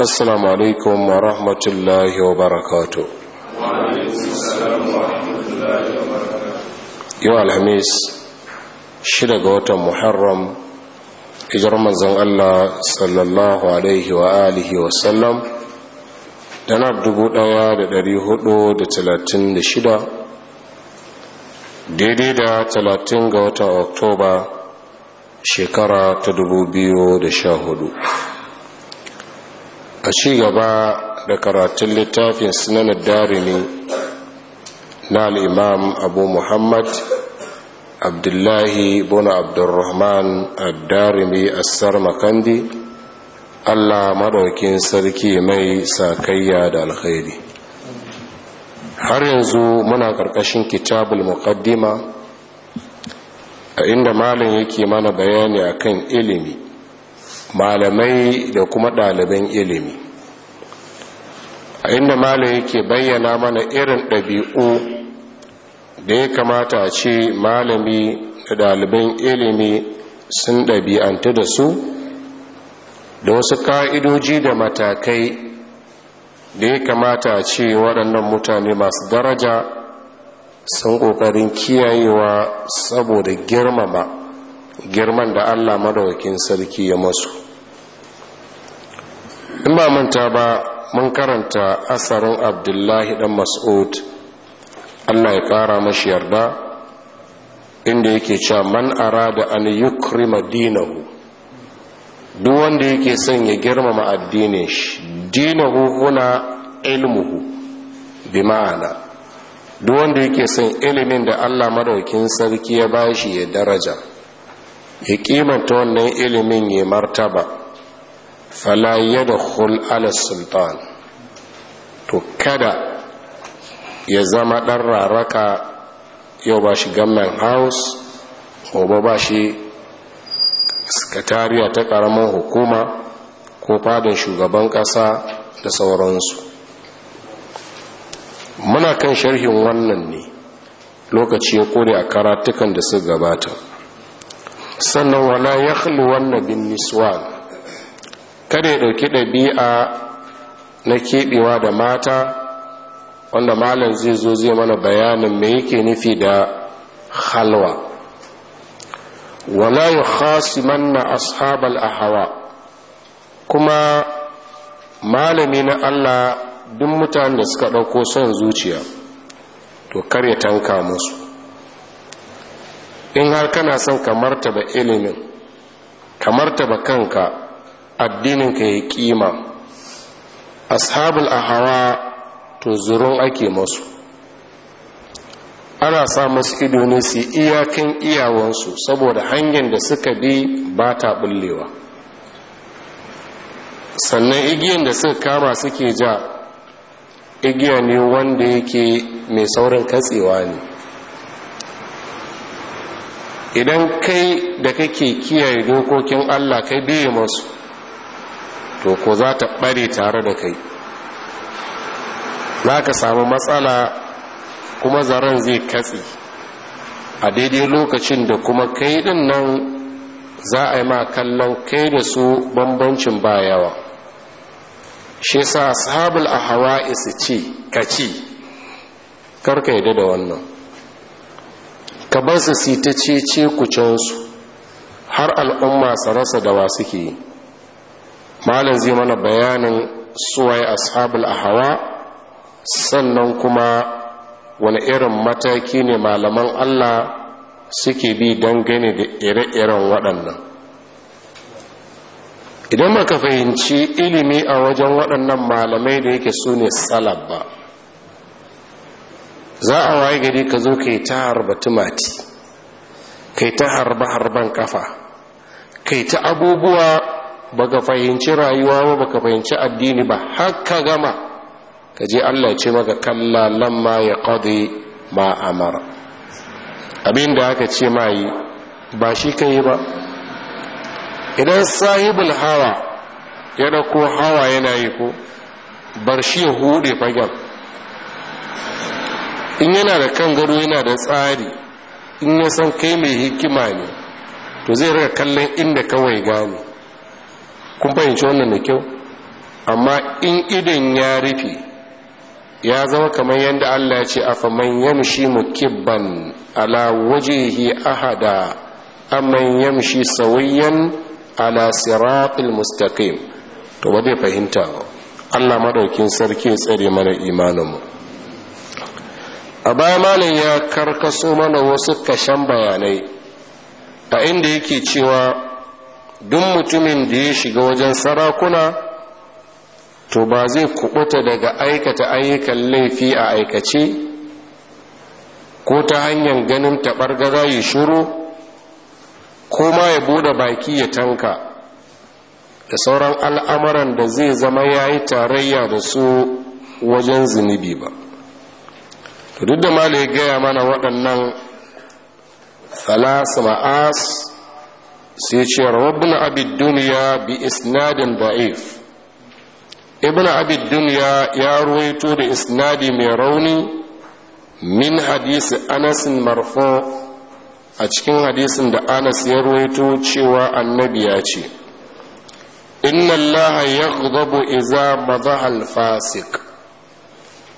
assalamu alaikum wa rahmatullahi wa barakatu yau alhamis shida ga watan muharram ijar manzan allah sallallahu alaihi wa alihi wa sallam da shida. daidai da talatin ga watan oktoba shekara ta dubu biyu da sha hudu. a ci gaba da karatun littafin sunanar darimi na al'imam abu muhammad abdullahi bona abdurrahman addarimi assar makandi allah maɗaukin sarki mai sakayya da alkhairi har yanzu muna ƙarƙashin kitabul muqaddima a inda malin yake mana bayani akan ilimi malamai da kuma ɗaliban ilimi a inda malam yake bayyana mana irin ɗabi'u da ya kamata ce malami da ɗaliban ilimi sun ɗabi'antu da su da wasu ƙa'idoji da matakai da ya kamata ce waɗannan mutane masu daraja sun ƙoƙarin kiyayewa saboda girmama girman da allah madawakin sarki ya masu in ba manta ba mun karanta asarin abdullahi dan mas'ud allah ya kara mashi yarda inda yake cewa man arada an yukrima dinahu duk wanda yake son ya girmama addinin shi dinahu huna ilmuhu bi ma'ana duk wanda yake son ilimin da allah madaukin sarki ya bashi ya daraja ya kimanta wannan ilimin ya martaba fala da hul sultan to kada ya zama ɗan raraka yau ba shi gamman house gobe ba shi sakatariya ta ƙaramin hukuma ko fadin shugaban ƙasa da sauransu muna kan sharhin wannan ne lokaci ya kore a karatukan da su gabata sannan wala ya wannan bin niswan kada ya ɗauki ɗabi'a na keɓewa da mata wanda malam zai zo zai mana bayanin mai yake nufi da halwa wala ya manna na ashabal ahawa kuma malami na allah duk mutanen da suka ɗauko son zuciya to kar ya tanka musu in har kana son ka martaba ilimin ka martaba kanka addinin ka ya kima ashabul ahawa to zurun ake masu ana sa masu ido ne su iyakan iyawansu saboda hanyar da suka bi ba ta bullewa sannan igiyan da suka kama suke ja igiya ne wanda yake mai saurin katsewa ne idan kai da kake kiyaye dokokin Allah kai biye masu to ko za ta ɓare tare da kai za ka samu matsala kuma zaren zai katse a daidai lokacin da kuma kai din nan za a yi ma kallon kai da su bambancin bayawa shi sa sabul a ashabul ahawa'is ce kaci karka yi da wannan ka bar su ce-ce ta cece cansu har al'umma su rasa da wa suke yi malam zai mana bayanin suwaye ashabul Hawa sannan kuma wani irin mataki ne malaman allah suke bi gani da ire-iren waɗannan idan maka fahimci ilimi a wajen waɗannan malamai da yake su ne salab ba za a waye gari ka zo kai ta harba tumati kai ta harba harban kafa kai ta abubuwa ba ka fahimci rayuwa ba ka fahimci addini ba haka gama ka je Allah ce maka kalla lamma ya qadi ma amara abin da aka ce ma yi ba shi ka yi ba idan sahibul hawa yana ko hawa yana yi ko bar shi ya hude fagen in yana da kan gado yana da tsari in ya san kai mai hikima ne to zai raka kallon inda kawai gane kun fahimci wannan da kyau amma in idan ya rufe ya zama kamar yadda allah ya ce a faman yamshi mukibban ala yi ahada amman yamshi sawiyan ala siratul mustaqim to ba zai fahimta ba allah madaukin sarki ya tsare mana imaninmu a baya malam ya karkaso mana wasu kashen bayanai a inda yake cewa duk mutumin da ya shiga wajen sarakuna to ba zai kubuta daga aikata ayyukan laifi a aikace ko ta hanyar ganin taɓargaza ya shuru ko ma ya bude baki ya tanka da sauran al'amuran da zai zama ya yi tarayya da su wajen zunubi ba to duk da gaya mana waɗannan thalasa ma'as sai ce rabbin abid duniya bi isnadin da'if ibn abid duniya ya ruwaito da isnadi mai rauni min hadisi anasin marfo a cikin hadisin da anas ya ruwaito cewa annabi ya ce inna allaha yaghdabu idza madha al-fasiq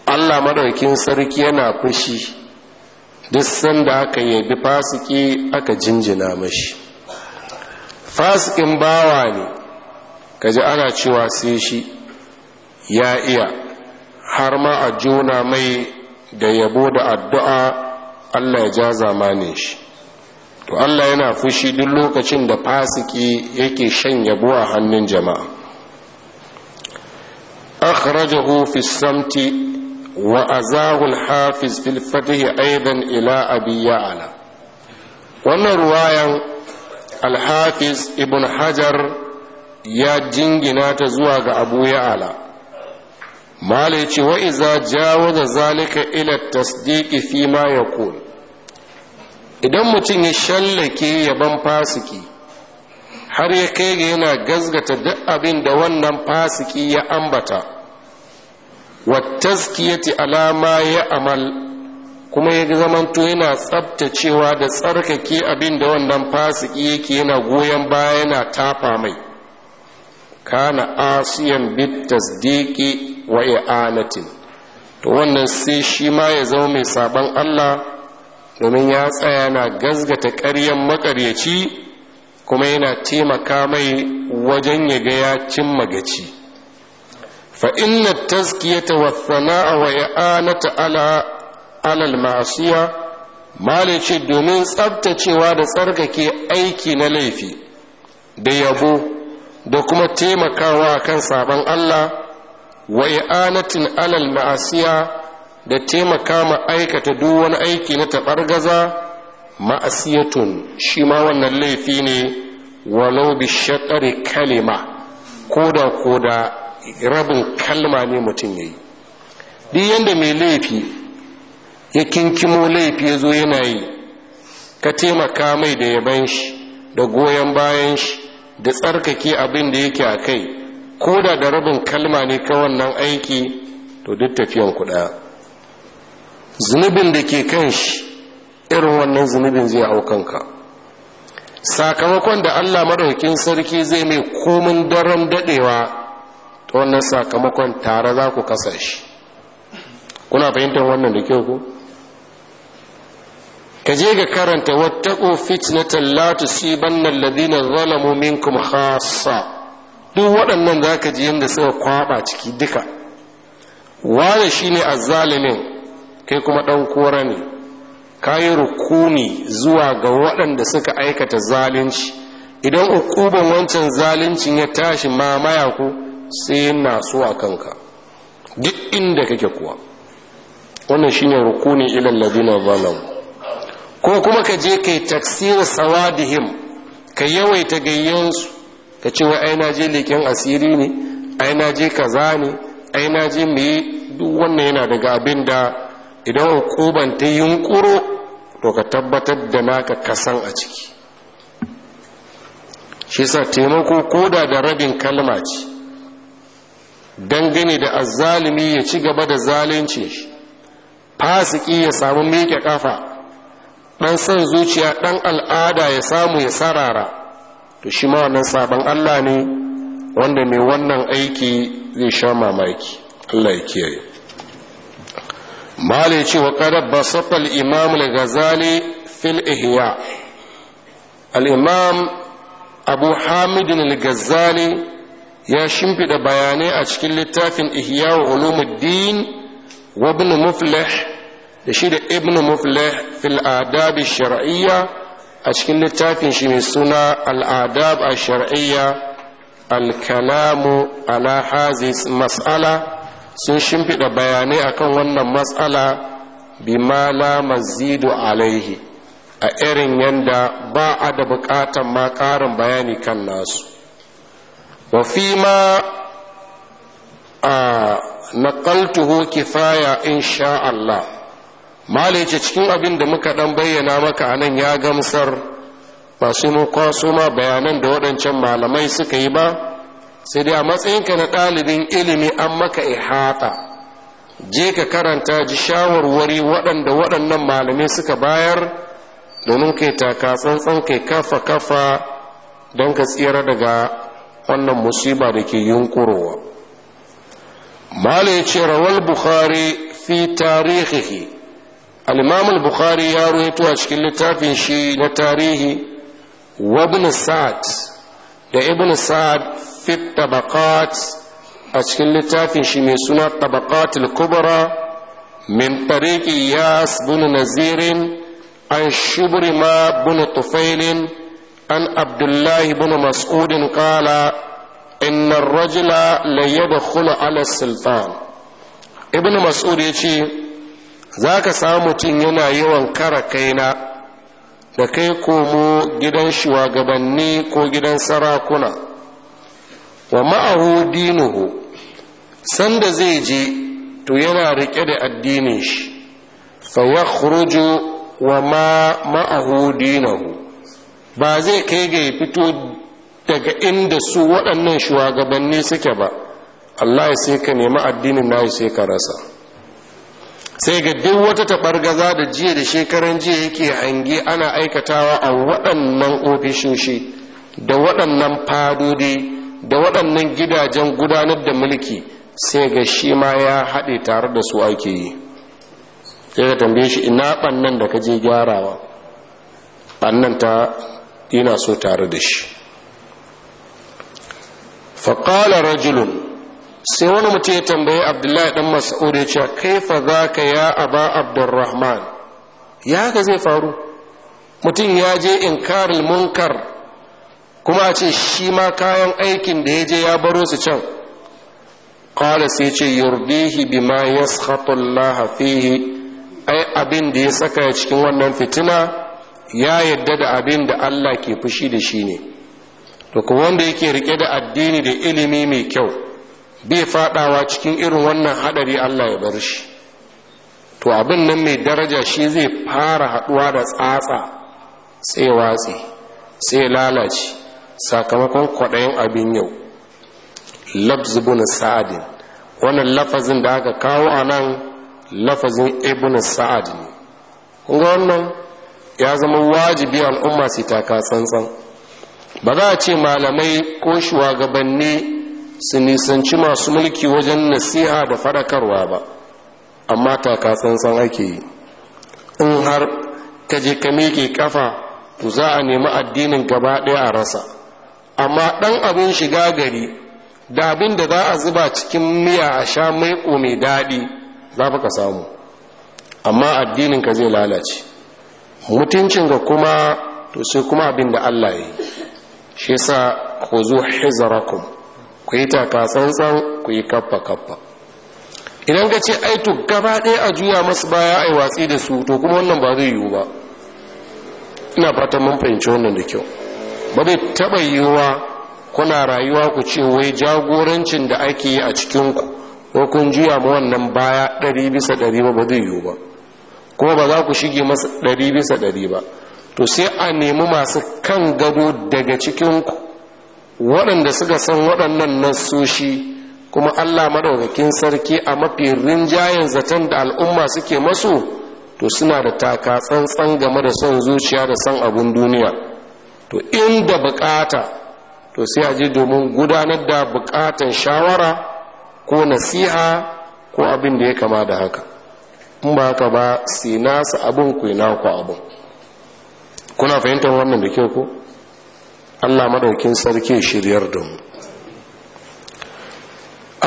allah madaukin sarki yana fushi duk sanda aka yabi fasiki aka jinjina mashi fasikin bawa ne kaji ana cewa sai shi ya iya har ma a juna mai da yabo da addu'a allah ya ja zamanin shi to allah yana fushi duk lokacin da fasiki yake shan yabo a hannun jama'a akhrajahu fi samti وأزاه الحافظ في الفتح أيضا إلى أبي يعلى wannan ruwayan alhafiz ibn hajar ya jingina ta zuwa ga abu ya'ala mala ya ce wa'iza jawo da zalika ila tasdiki fi ma ya idan mutum ya shallake yaban fasiki har ya kai ga yana gazgata duk abin da wannan fasiki ya ambata wattazkiyati alama ya amal kuma ya zamanto yana tsabtacewa da tsarkake abin da wannan fasiki yake yana goyon baya yana tafa mai kana asiyan bit tasdiqi wa i'anatin to wannan sai shi ma ya zama mai saban Allah domin ya tsaya na gazgata ƙaryan makaryaci kuma yana taimaka mai wajen ya ga ya cimma gaci fa taskiya ta wa sana'a wa i'anata alal ma'asiya malai ce domin tsabtacewa da tsarkake aiki na laifi da yabo da kuma taimakawa kan sabon Allah wa i'anatin alal ma'asiya da taimaka ma aikata duk wani aiki na taɓargaza ma'asiyatun shi ma wannan laifi ne walau bi shaƙari kalima koda koda rabin kalma ne mutum ya yi duk yadda mai laifi ya kinkimo laifi ya zo yana yi ka taimaka mai da yaban shi da goyon bayan shi da tsarkake abin da yake a kai ko da da rabin kalma ne ka wannan aiki to duk tafiyan kuɗa zunubin da ke kan shi irin wannan zunubin zai hau kanka sakamakon da allah maraukin sarki zai mai komin daren daɗewa ta wannan sakamakon tare za ku kasa shi kuna fahimtar wannan da kyau ku ka je ga karanta wattaku fitnatan la nan alladhina zalamu minkum khassa duk waɗannan za ka ji yadda suka kwaɓa ciki duka wane a zalimin kai kuma ɗan kora ne ka yi rukuni zuwa ga waɗanda suka aikata zalunci idan ukuban wancan zaluncin ya tashi mamaya ku sai nasu a kanka duk inda kake kuwa wannan shine rukuni ilal ladina zalam ko kuma ka je kai taksir sawadihim ka yawaita gayyansu ka ce wai ai na je leƙen asiri ne ai na je kaza ne ai na je me duk wannan yana daga abin da idan hukuban ta yunkuro to ka tabbatar da naka kasan a ciki shi sa taimako koda da rabin kalma ce dangane da azzalimi ya ci gaba da zalunci fasiki ya samu miƙe ƙafa ɗan son zuciya ɗan al'ada ya samu ya sarara to shi ma wannan sabon Allah ne wanda mai wannan aiki zai sha mamaki Allah ya kiyaye mala ce wa ƙarar basata imam al-ghazali fil ihya al-imam abu hamid al-ghazali ya shimfiɗa bayanai a cikin littafin ihya wa ulumuddin wa ibn muflih da shi da ibn muflih fil adab shar'iyya a cikin littafin shi mai suna al'adab a shar'iyya al-kalamu ala hazis mas'ala sun shimfiɗa bayanai akan wannan mas'ala bima la mazidu alaihi a irin yanda ba a da bukatan ma karin bayani kan nasu وفيما آه نقلته كفاية إن شاء الله ما ليش cikin abin da muka dan bayyana maka anan ya gamsar ba sai ma bayanan da waɗancan malamai suka yi ba sai dai a matsayinka na ɗalibin ilimi an maka ihata je ka karanta ji shawarwari waɗanda waɗannan malamai suka bayar domin kai taka tsantsan kai kafa kafa don ka tsira daga wannan musiba da ke yunkurowa mala ya ce rawar bukhari fi tarihihi alimamin bukhari ya ruwaito a cikin littafin shi na tarihi wa ibn sa'ad da ibn sa'ad fi tabaqat a cikin littafin shi mai suna tabaqatul kubra min tariqi yas bin nazirin an shubri ma bin tufailin an abdullahi bin mas'udin kala inna rajula la yadkhulu ala sultan ibnu mas'ud yace zaka sa mutum yana yawan kara kaina da kai komo gidan shugabanni ko gidan sarakuna wa ma'ahu dinuhu sanda zai je to yana rike da addinin shi fa yakhruju wa ma ma'ahu ba zai kai ga ya fito daga inda su waɗannan shugabanni suke ba Allah ya sai ka nemi addinin na sai ka rasa sai ga duk wata taɓargaza da jiya da shekaran jiya yake hangi ana aikatawa a waɗannan ofishoshi da waɗannan fadodi da waɗannan gidajen gudanar da mulki sai ga shi ma ya haɗe tare da su ake yi sai ka tambaye shi ina ɓannan da ka je gyarawa ɓannan ta ina so tare da shi faƙala rajulun sai wani mutum ya tambayi abdullahi ɗan mas'ud ya ce za ka ya aba abdurrahman ya haka zai faru mutum ya je inkaril munkar kuma a ce shi ma kayan aikin da ya je ya baro su can qala sai ce yurdihi bima yaskhatu Allah fihi ai abin da ya saka cikin wannan fitina ya yadda da abin da Allah ke fushi da shi ne to kuma wanda yake rike da addini da ilimi mai kyau bai fadawa cikin irin wannan hadari Allah ya bar shi to abin nan mai daraja shi zai fara haduwa da tsatsa sai watsi sai lalace sakamakon kwaɗayin abin yau labzibun sa'adin wannan lafazin da aka kawo a nan lafazin ibn sa'ad ne kun wannan ya zama wajibi al'umma su taka tsantsan ba za a ce malamai ko shugabanni su nisanci masu mulki wajen nasiha da fadakarwa ba amma taka tsantsan ake yi in har ka je ka miƙe kafa to za a nemi addinin gaba ɗaya a rasa amma ɗan abin shiga gari da abin da za a zuba cikin miya a sha maiƙo mai daɗi za ka samu amma addinin ka zai lalace mutuncin ga kuma to sai kuma abin da Allah yi shi sa ku zo hizarakum ku yi taka tsantsan ku yi kaffa kaffa idan ka ce ai to gaba ɗaya a juya masu baya yi watsi da su to kuma wannan ba zai yiwu ba ina fatan mun fahimci wannan da kyau ba zai taɓa yiwuwa kuna rayuwa ku ce wai jagorancin da ake yi a cikinku ko kun juya ma wannan baya ɗari bisa ɗari ba zai yiwu ba kuma ba za ku shige masa ɗari bisa ɗari ba to sai a nemi masu kan gado daga cikinku waɗanda suka san waɗannan nasoshi kuma allah maɗaukakin sarki a mafi rinjayen zaton da al'umma suke masu to suna da taka tsantsan game da son zuciya da son abun duniya to inda bukata to sai a je domin gudanar da bukatan shawara ko nasiha ko abin da ya kama da haka in ba haka ba si nasu abin ku na naku abin kuna fahimtar wannan da kyau ku allah madaukin sarki shiryar da mu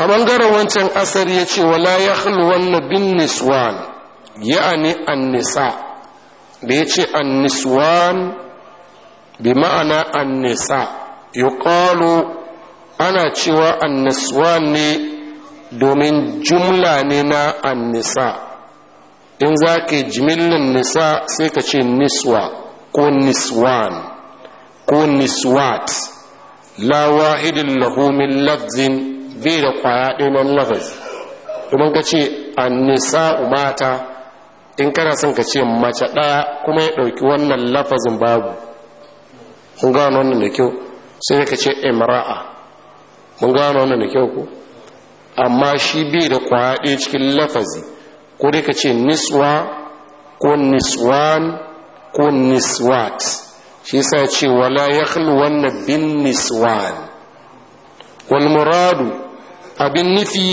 a bangaren wancan asar ya ce wala ya wannan bin niswan ya'ani an nisa da ya ce an niswan bi ma'ana an nisa ƙalo ana cewa an niswan ne domin jumla ne na an nisa in za ka jimillin nisa sai ka ce niswa ko niswan ko niswat la wahidin lahu min lafzin bai da kwaya ɗinan lafazi domin ka ce an nisa umata in kana son ka ce mace ɗaya kuma ya ɗauki wannan lafazin babu mun gano wannan da kyau sai ka ce imra'a mun gano wannan da kyau ko amma shi bai da kwaya ɗin cikin lafazi ko dai ka ce niswa ko niswan ko niswat shi sa ce wala ya wannan bin niswan wal muradu abin nufi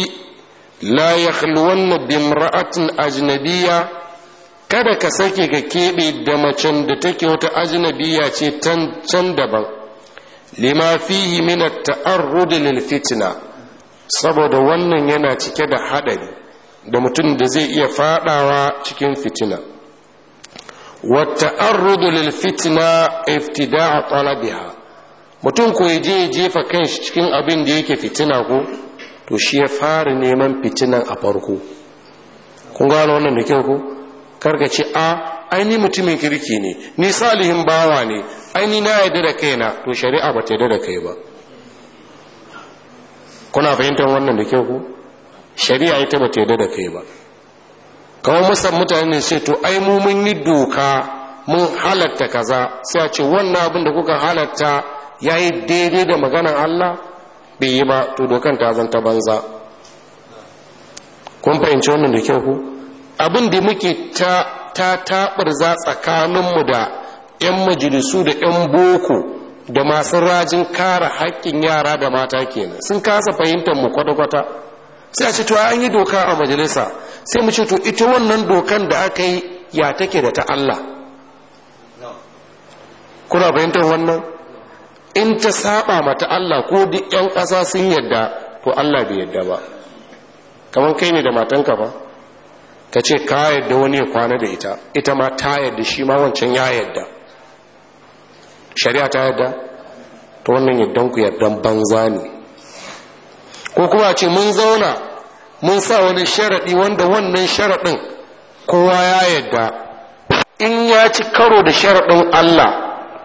la ya wannan bin ra'atin ajnabiya kada ka sake ka keɓe da macen da take wata ajnabiya ce can daban lima fihi min taarrud lil fitna saboda wannan yana cike da haɗari da mutum da zai iya fadawa cikin fitina wata arrudu lil fitina iftida'a talabiha mutum ko ya je jefa kanshi cikin abin da yake fitina ko to shi ya fara neman fitinan a farko kun gano wannan da kyau ko karka ce a aini mutumin kirki ne ni salihin bawa ne aini na yarda da na to shari'a ba ta yadda da kai ba kuna fahimtar wannan da kyau ko shari'a ita ba ta yarda da kai ba kawo masa mutane sai to ai mu mun yi doka mun halatta kaza sai a ce wannan abin da kuka halatta ya yi daidai da maganar Allah bai yi ba to dokan ta zanta banza kun fahimci wannan da kyau ku abin da muke ta ta taɓarza tsakaninmu da 'yan majalisu da 'yan boko da masu rajin kare haƙƙin yara da mata kenan sun kasa fahimtar mu kwata-kwata sai a ce to an yi doka a majalisa sai mu ce to ita wannan dokan da aka yi ya take da ta Allah kuna fahimtar wannan in ta saba mata Allah ko duk yan ƙasa sun yadda to Allah bai yadda ba kamar kai ne da matanka ba ka ce ka yadda wani ya kwana da ita ita ma ta yadda shi ma wancan ya yadda shari'a ta yadda to wannan yaddan ku yaddan banza ne ko kuma ce mun zauna mun sa wani sharaɗi wanda wannan sharaɗin kowa ya yadda in ya ci karo da sharaɗin Allah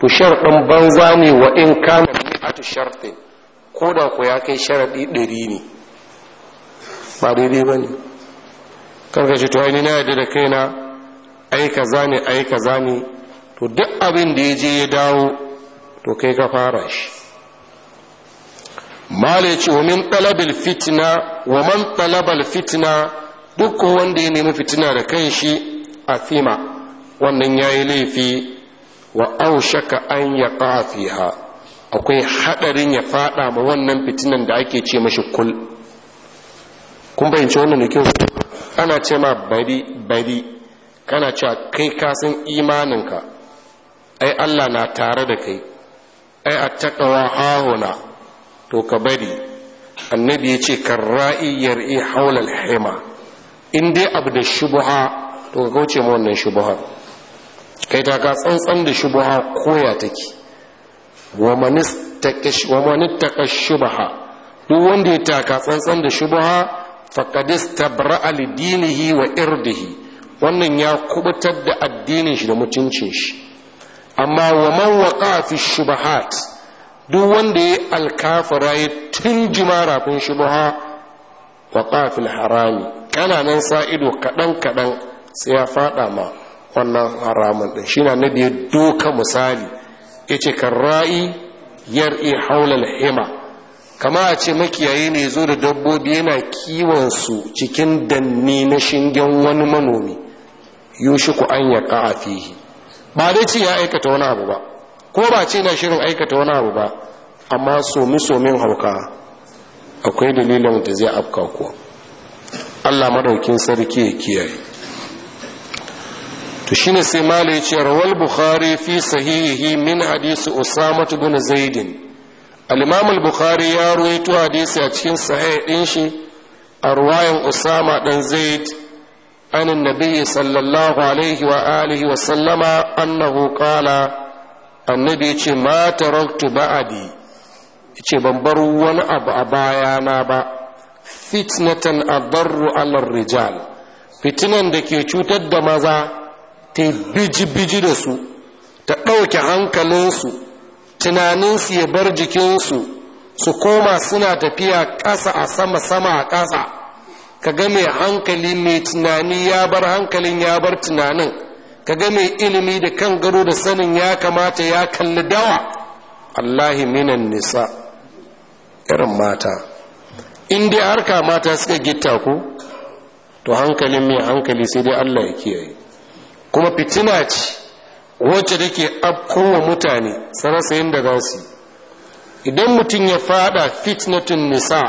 to sharaɗin banza ne wa in a mi'atu sharaɗin ko da ku ya kai sharaɗi ɗari ne ba daidai ba ne karka ce to ainihin yadda da kaina aika kaza ne aika to duk abin da ya je ya dawo to kai ka fara shi mala ce wa min talabil fitina wa man talabal fitina duk wanda ya nemi fitina da kanshi a fima wannan ya yi laifi wa aushaka an ya ha akwai haɗarin ya faɗa ma wannan fitinan da ake ce mashi kul kun bayyance wannan da kyau ana ce ma bari bari kana cewa kai kasan san imaninka ai Allah na tare da kai ai a attaqwa hahuna to ka bari annabi ya ce kan karra'i yar'i haulal hima in dai abu da shubuha to ka kauce ma wannan shubuha kai ta ka tsantsan da shubuha koya take wa ka shubaha duk wanda ya taka tsantsan da shubaha faƙadis bara lidinihi wa irdihi wannan ya kubutar da addinin shi da mutuncin shi amma wa man waƙa fi shubahat duk wanda ya alkafara ya tunjima rafin shubha wa qafil harami kana nan sa ido kaɗan kaɗan sai ya faɗa ma wannan haramun ɗin shi na na doka misali ce kan ra'i yar'i haulal Hema. kama a ce makiyayi ne zo da dabbobi yana kiwon cikin danni na shingen wani manomi ku an ya ka'a fihi ba dai ce ya aikata wani abu ba ko ba ce na shirin aikata wani abu ba amma somi-somin hauka akwai dalilin da zai afka kuwa allah madaukin sarki ya kiyaye to shi ne sai mala ya ce rawar bukhari fi sahihihi min hadisi usama bin zaidin al-imam bukhari ya ruwaito hadisi a cikin sahih din shi a ruwayan usama dan zaid an annabi sallallahu alaihi wa alihi wa sallama annahu qala annabi ya ce ma taraktu ba'adi ya ce ban bar wani abu a bayana ba fitnatan adarru alar rijal fitinan da ke cutar da maza ta biji-biji da su ta ɗauke hankalinsu tunaninsu ya bar jikinsu su koma suna tafiya ƙasa a sama-sama a ƙasa ka ga mai hankali mai tunani ya bar hankalin ya bar tunanin ka ga mai ilimi da kan gado da sanin ya kamata ya kalli dawa allahi minan nisa irin mata in dai harka mata suka gitta ku to hankalin mai hankali sai dai allah ya kiyaye kuma fitina ce wacce take afkowa mutane sarasayin da za su idan mutum ya fada fitnatin nisa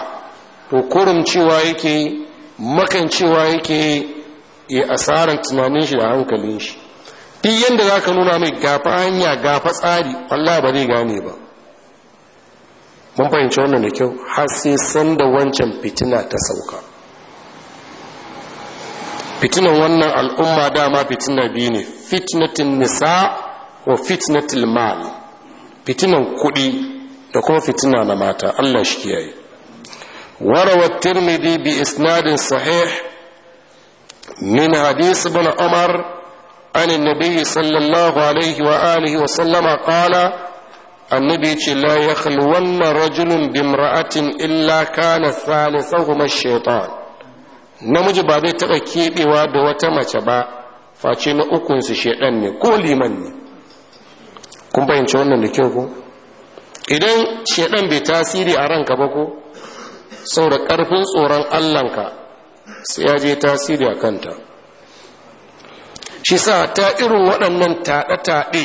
to kurin cewa yake makancewa yake ya asarar tunanin shi da hankalin shi duk yadda za ka nuna mai gafa hanya gafa tsari Allah ba zai gane ba mun fahimci wannan da kyau har sai san da wancan fitina ta sauka fitinan wannan al'umma dama fitina biyu ne fitinatin nisa wa fitinatin mal fitinan kuɗi da kuma fitina na mata Allah shi kiyaye warawar tirmidhi bi isnadin sahih min hadis ibn umar عن النبي صلى الله عليه وآله وسلم قال النبي لا يخلون رجل بامرأة إلا كان ثالثهما الشيطان namiji ba zai taɓa keɓewa da wata mace ba face na ukunsu ne ko liman kun fahimci wannan da idan shaɗan bai tasiri a ranka ba ko sau da ƙarfin tsoron allahnka sai ya je tasiri a kanta shi sa ta irin waɗannan taɗe-taɗe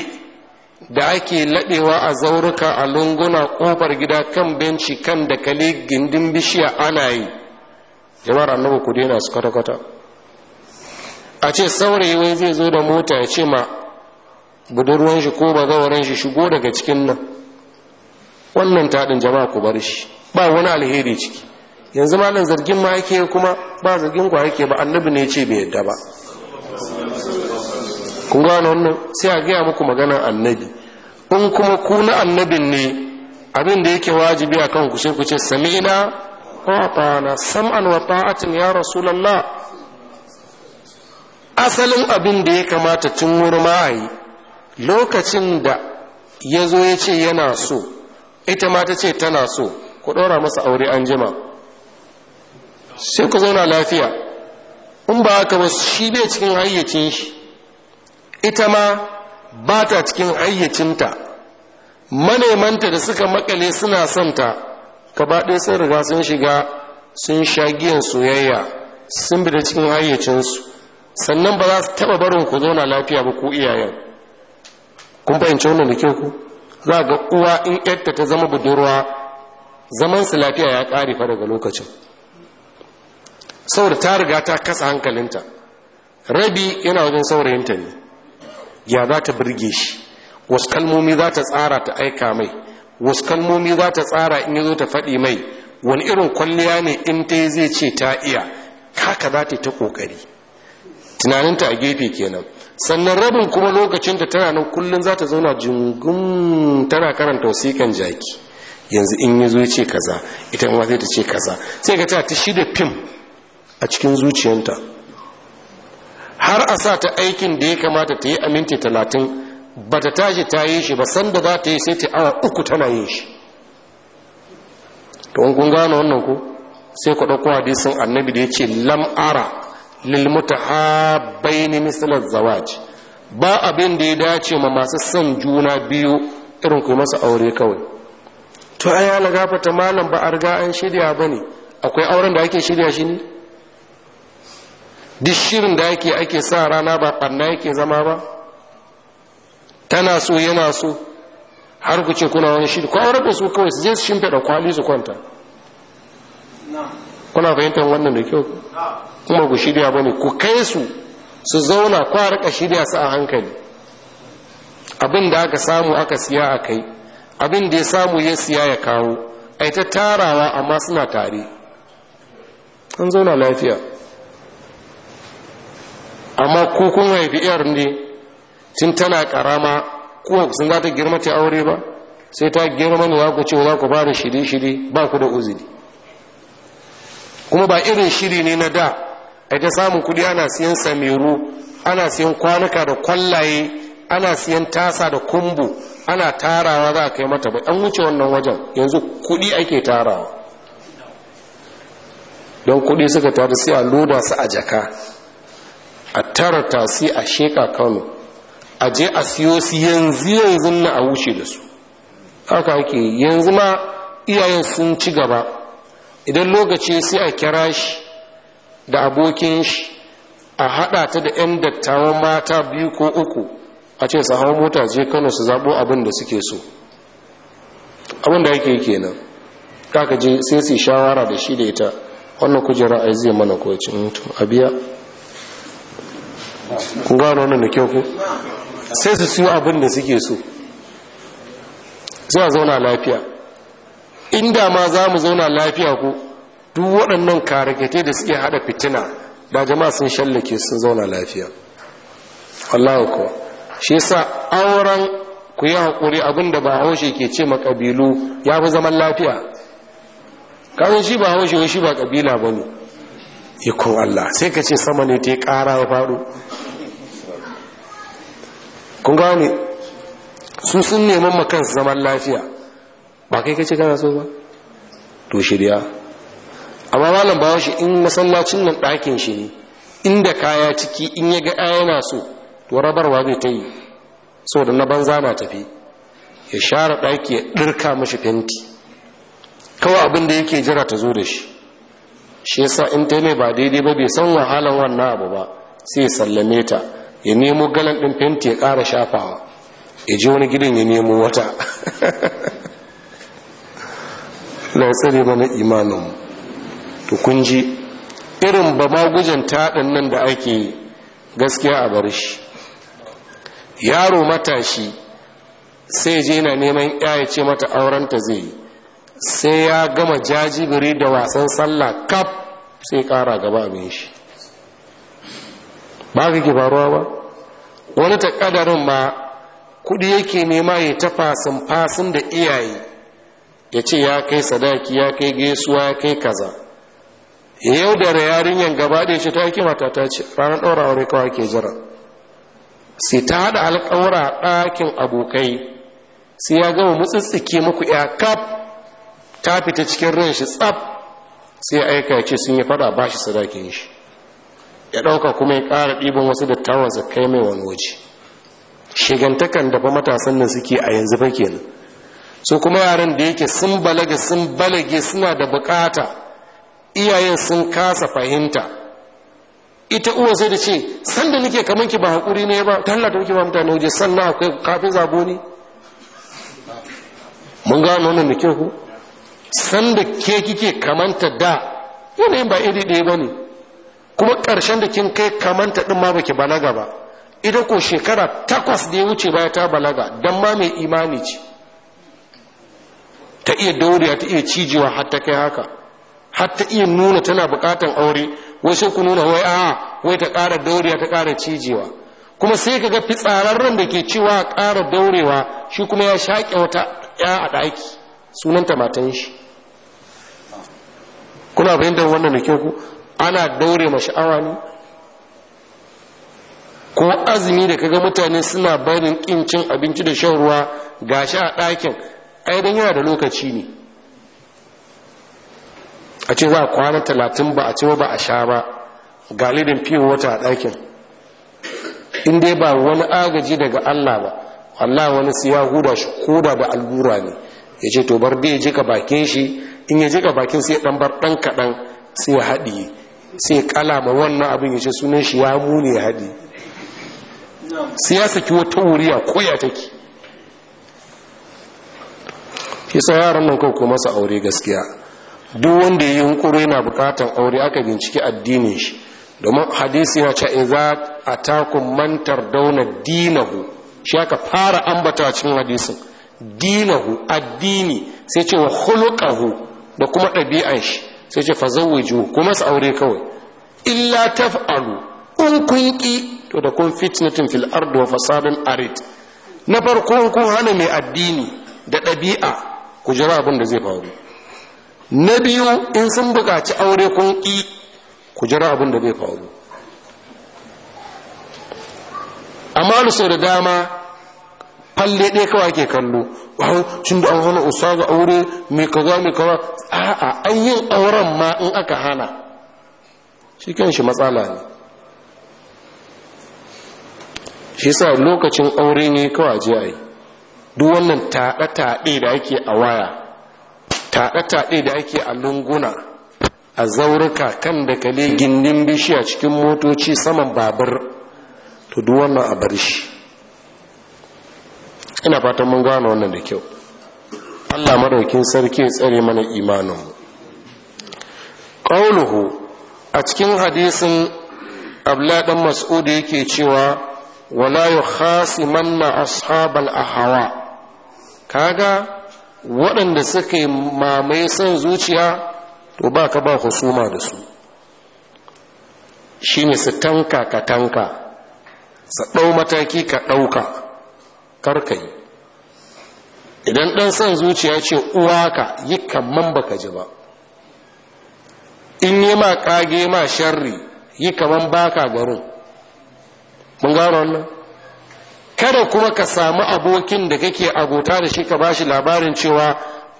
da ake laɗewa a zauruka a lunguna ƙofar gida kan benci kan kali gindin bishiya ana yi jama'ar annabu ku daina su kwata-kwata a ce saurayi wai zai zo da mota ya ce ma budurwan shi ko bazawarin shi shigo daga cikin nan wannan taɗin jama'a ku bar shi ba wani alheri ciki yanzu malam zargin ma ake kuma ba zargin ku ake ba annabi ne ce bai yadda ba kun gano wannan sai a gaya muku maganar annabi in kuma ku na annabin ne abinda yake wajibi a kan kushe kuce sami'ina wa sam'an wa ta'atin ya rasulallah asalin abin da ya kamata tun wuri ma'ayi lokacin da ya zo ya ce yana so ita ma ta ce tana so ku ɗora masa aure an jima sai ku zauna lafiya in ba haka ba shi bai cikin hayyacin shi ita ma ba ta cikin ayyacinta manemanta da suka makale suna santa gaba ɗaya sun riga sun shiga sun sha giyan soyayya sun bi da cikin hayyacinsu sannan ba za su taɓa barin ku zauna lafiya ba ku iyayen kun fahimci wannan da ku za ga uwa in yadda ta zama budurwa zamansu lafiya ya ƙare fa daga lokacin saboda ta riga ta kasa hankalinta rabi yana wajen saurayinta ne ya za ta birge shi wasu kalmomi za ta tsara ta aika mai wasu kalmomi za ta tsara in yazo ta faɗi mai wani irin kwalliya ne in ta yi zai ce ta iya haka za ta yi ta ƙoƙari tunaninta a gefe kenan sannan rabin kuma lokacin da tana nan kullum za ta zauna jingun tana karanta wasiƙan jaki yanzu in yazo ya ce kaza ita ma zai ta ce kaza sai ka ta ta shida fim a cikin zuciyanta har a sa ta aikin da ya kamata ta yi a minti talatin ba ta tashi ta yi shi ba sanda za ta yi sai ta awa uku tana yin shi to kun gano wannan ku sai ku ɗauko hadisin annabi da ya ce lam'ara ha bayani misalar zawaj ba abin da ya dace ma masu son juna biyu irin ku masa aure kawai to ai gafata malam ba a riga an shirya bane akwai auren da ake shirya shi ne duk shirin da yake ake sa rana ba ɓanna yake zama ba tana so yana so har ku ce kuna wani shiri Kwa aure da su kawai su je su shimfiɗa kwali su kwanta kuna fahimtar wannan da kyau kuma ku shirya ba ne? ku kai su su zauna kwa rika shirya su a hankali abin da aka samu aka siya a kai abin da ya samu ya siya ya kawo ai ta tarawa amma suna tare an zauna lafiya amma ko kun haifi iyar ne tun tana karama ko sun za ta girma ta aure ba sai ta girma ne za ku ce za ku fara shiri-shiri ba ku da uzuri kuma ba irin shiri ne na da a ta samun kudi ana siyan samiru ana siyan kwanuka da kwallaye ana siyan tasa da kumbu ana tarawa za a kai mata ba an wuce wannan wajen yanzu kudi ake tarawa don kudi suka taru sai a loda su a jaka a tara tasi a sheka kano a je a siyo su yanzu yanzu na a wuce da su haka ake yanzu ma iyayen sun ci gaba idan lokaci sai a kira shi da abokin shi a haɗa ta da 'yan dattawan mata biyu ko uku a ce su hau mota je kano su zaɓo abin da suke so abin da yake kenan kaka je sai su shawara da shi da ita wannan kujera a zai mana kowace mutum a biya kun gano wannan da kyau ku sai su siyo abin da suke so zuwa zauna lafiya inda ma za mu zauna lafiya ku duk waɗannan karikatai da suke haɗa fitina ba jama'a sun shallake sun zauna lafiya wallahu ko shi yasa auren ku yi haƙuri abin da ba haushe ke ce ma ƙabilu ya fi zaman lafiya kawai shi ba haushe shi ba ƙabila ba ne iko Allah sai ka ce sama ne ta yi ƙara wa faɗo kun gane su sun neman makansu zaman lafiya ba kai kace kana so ba to shirya amma malam bawa shi in masallacin nan ɗakin shi ne inda kaya ciki in ya ga yana so to rabarwa zai ta yi saboda na banza na tafi ya share ɗaki ya ɗirka mashi fenti kawai abin da yake jira ta zo da shi shi yasa in ta ne ba daidai ba bai san wahalan wannan abu ba sai ya sallame ta ya nemo galan ɗin fenti ya ƙara shafawa ya ji wani gidan ya nemo wata na tsare mana imaninmu to kun ji irin ba magujan taɗin nan da ake gaskiya a bar shi yaro matashi sai je na neman ya ce mata aurenta zai yi sai ya gama jajibiri da wasan sallah kaf sai kara gaba a mai shi ba ka faruwa ba wani takadarin ma kudi yake nema ya ta fasin fasin da iyaye ya ce ya kai sadaki ya kai gaisuwa ya kai kaza yau da yarinyar gaba da ya ce ta yake mata ta ce ranar ɗaura aure kawai ke jira sai ta haɗa alƙawura ɗakin abokai sai ya gama mutsitsike muku ya kaf ta fita cikin ran shi tsab sai aika ce sun yi fada ba shi sadakin shi ya ɗauka kuma ya kara ɗiban wasu dattawan su kai mai wani waje shigantakan da ba matasan nan suke a yanzu ke kenan su kuma yaran da yake sun balage sun balage suna da bukata iyayen sun kasa fahimta ita uwa sai da ce sanda nake kamar ki ba hakuri ne ba ta da ta ba mutane waje sannan akwai kafin zabo ne mun gano wannan da kyau ko sanda ke kike kamanta da yanayin ba iri ɗaya ba ne kuma ƙarshen da kin kai kamanta ɗin ma baki balaga ba ita ko shekara takwas da ya wuce baya ta balaga don ma mai imani ce ta iya dauriya ta iya cijewa har ta kai haka har ta iya nuna tana buƙatan aure wai sai ku nuna wai a wai ta ƙara dauriya ta ƙara cijewa kuma sai ka ga fitsararren da ke cewa ƙara daurewa shi kuma ya shaƙe wata ya a ɗaki sunanta matan shi kuna fahimtar wannan da ke ku ana daure ma sha'awa ne ko azumi da kaga mutane suna barin kin cin abinci da shan ruwa gashi a ɗakin ai yana da lokaci ne a ce za a kwana talatin ba a ce ba a sha ba galibin fiye wata a ɗakin in dai ba wani agaji daga allah ba allah wani siya huda shi koda da allura ne ya ce to bar dai ka bakin shi in ya jika bakin sai dan bar dan kadan sai ya hadi sai kalama wannan abin ya sunan shi ya muni ya hadi sai ya saki wata wuriya koya take shi sa yaran nan kawai masa aure gaskiya duk wanda ya yi yana bukatan aure aka binciki addinin shi domin hadisi ya ce idza atakum man tardawna dinahu shi aka fara ambata cikin hadisin dinahu addini sai ce wa khuluquhu da kuma ɗabi'an shi sai ce fa zawwaju kuma su aure kawai illa taf'alu in kun ki to da kun fitnatin fil ardi wa fasadin arid na farko kun hana mai addini da ɗabi'a ku jira abin da zai faru na biyu in sun buƙaci aure kun ki ku jira abin da zai faru amma sau da dama falle ɗaya kawai ke kallo wahau cin da an hana ga aure mai kaza mai kaza a'a an yin auren ma in aka hana shi kan shi matsala ne shi sa lokacin aure ne kawai ji a duk wannan taɗe-taɗe da ake a waya taɗe-taɗe da ake a lunguna a zaurika kan da kale gindin bishiya cikin motoci saman babur to duk wannan a bar shi ina fatan mun gano wannan da kyau Allah madaukin sarki ya tsare mana imanin mu qauluhu a cikin hadisin abla dan mas'ud yake cewa wala yukhasimanna ashabal ahwa kaga waɗanda suka yi mamaye son zuciya to ba ka ba husuma da su shine su tanka ka tanka su ɗau mataki ka ɗauka karka yi idan ɗan san zuciya ce uwa ka yi kaman baka ji ba in yi ma kage ma sharri yi kaman baka garin mun gano wannan kada kuma ka samu abokin da kake abota da shi ka bashi labarin cewa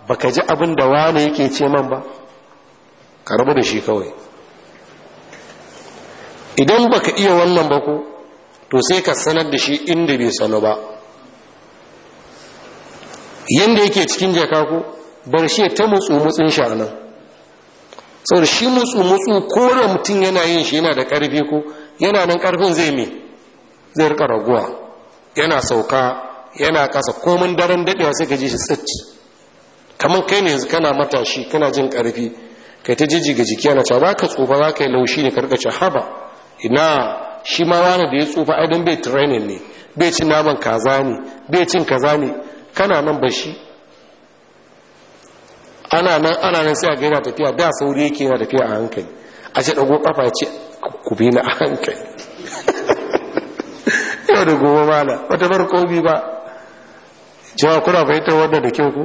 baka ji abin da wane yake ce man ba ka rabu da shi kawai idan baka iya wannan bako to sai ka sanar da shi inda bai sanu ba yanda yake cikin jaka ko bar shi ta mutsu mutsun shi nan saboda shi mutsu mutsu ko da mutum yana yin shi yana da karfi ko yana nan karfin zai mai zai rika raguwa yana sauka yana kasa, komin daren daɗewa sai ka ji shi tsit kamar kai ne yanzu kana matashi kana jin karfi kai ta ga jiki yana cewa ba ka tsufa za ka yi laushi ne ka ce haba ina shi ma wani da ya tsufa ai don bai training ne bai cin naman kaza ne bai cin kaza ne kana nan ba shi ana nan ana nan sai a gaina tafiya da sauri yake yana tafiya a hankali a ce dago ƙafa ce ku bi na a hankali yau da goma mana wata bar komi ba cewa kuna fahimtar wannan da kyau ku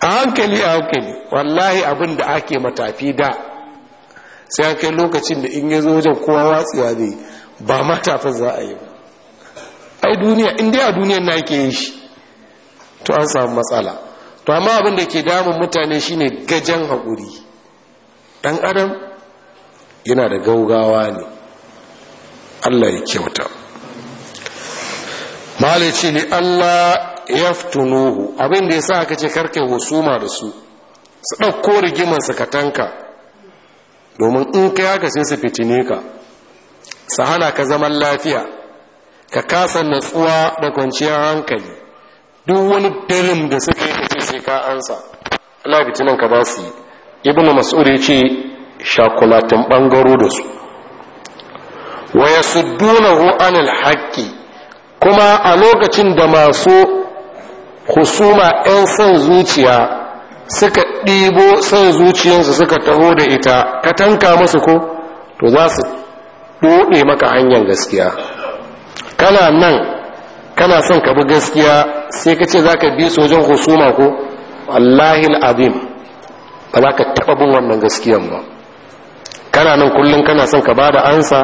a hankali a hankali wallahi abin da ake matafi da sai an kai lokacin da in ya zo wajen kowa watsewa zai ba matafin za a yi ba ai duniya in dai a duniyan na ke yin shi to an samu matsala to amma abin da ke damun mutane shine gajen haƙuri ɗan adam yana da gaugawa ne allah ya kyauta malici ne allah ya fitunuhu abin da ya sa aka ce karke husuma da su su ɗauko rigimansa ka tanka domin in ka yaka sai su fitine ka su hana ka zaman lafiya ka kasa natsuwa da kwanciyar hankali duk wani dalin da suka yi ce sai ka ansa Allah bitinan ka ba su yi Ibn mas'ud ya ce shakulatin bangaro da su wa yasuddunahu anil haqqi kuma a lokacin da masu husuma 'yan son zuciya suka ɗibo son zuciyarsu suka taho da ita ka tanka masu ko to za su ɗoɗe maka hanyar gaskiya kana nan kana son ka bi gaskiya sai ka ce za ka bi sojan wajen husuma ko wallahi al'azim ba za ka taɓa bin wannan gaskiyan ba kana nan kullum kana son ka ba da ansa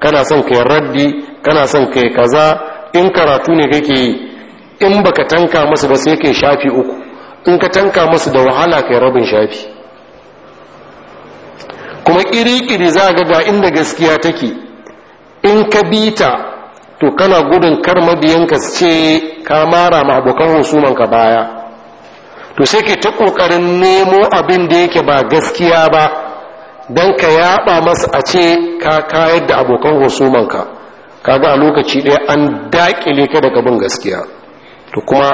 kana son ka yi raddi kana son ka yi kaza in karatu ne kake yi in ba ka tanka masu ba sai ka shafi uku in ka tanka masu da wahala ka yi rabin shafi kuma kiri-kiri za ga ga inda gaskiya take in ka bi ta to kana gudun kar mabiyanka su ce ka mara ma abokan ka baya to sai ke ta ƙoƙarin nemo abin da yake ba gaskiya ba don ka yaɓa masu a ce ka kayar da abokan ka kaga a lokaci ɗaya an daƙile ka daga bin gaskiya to kuma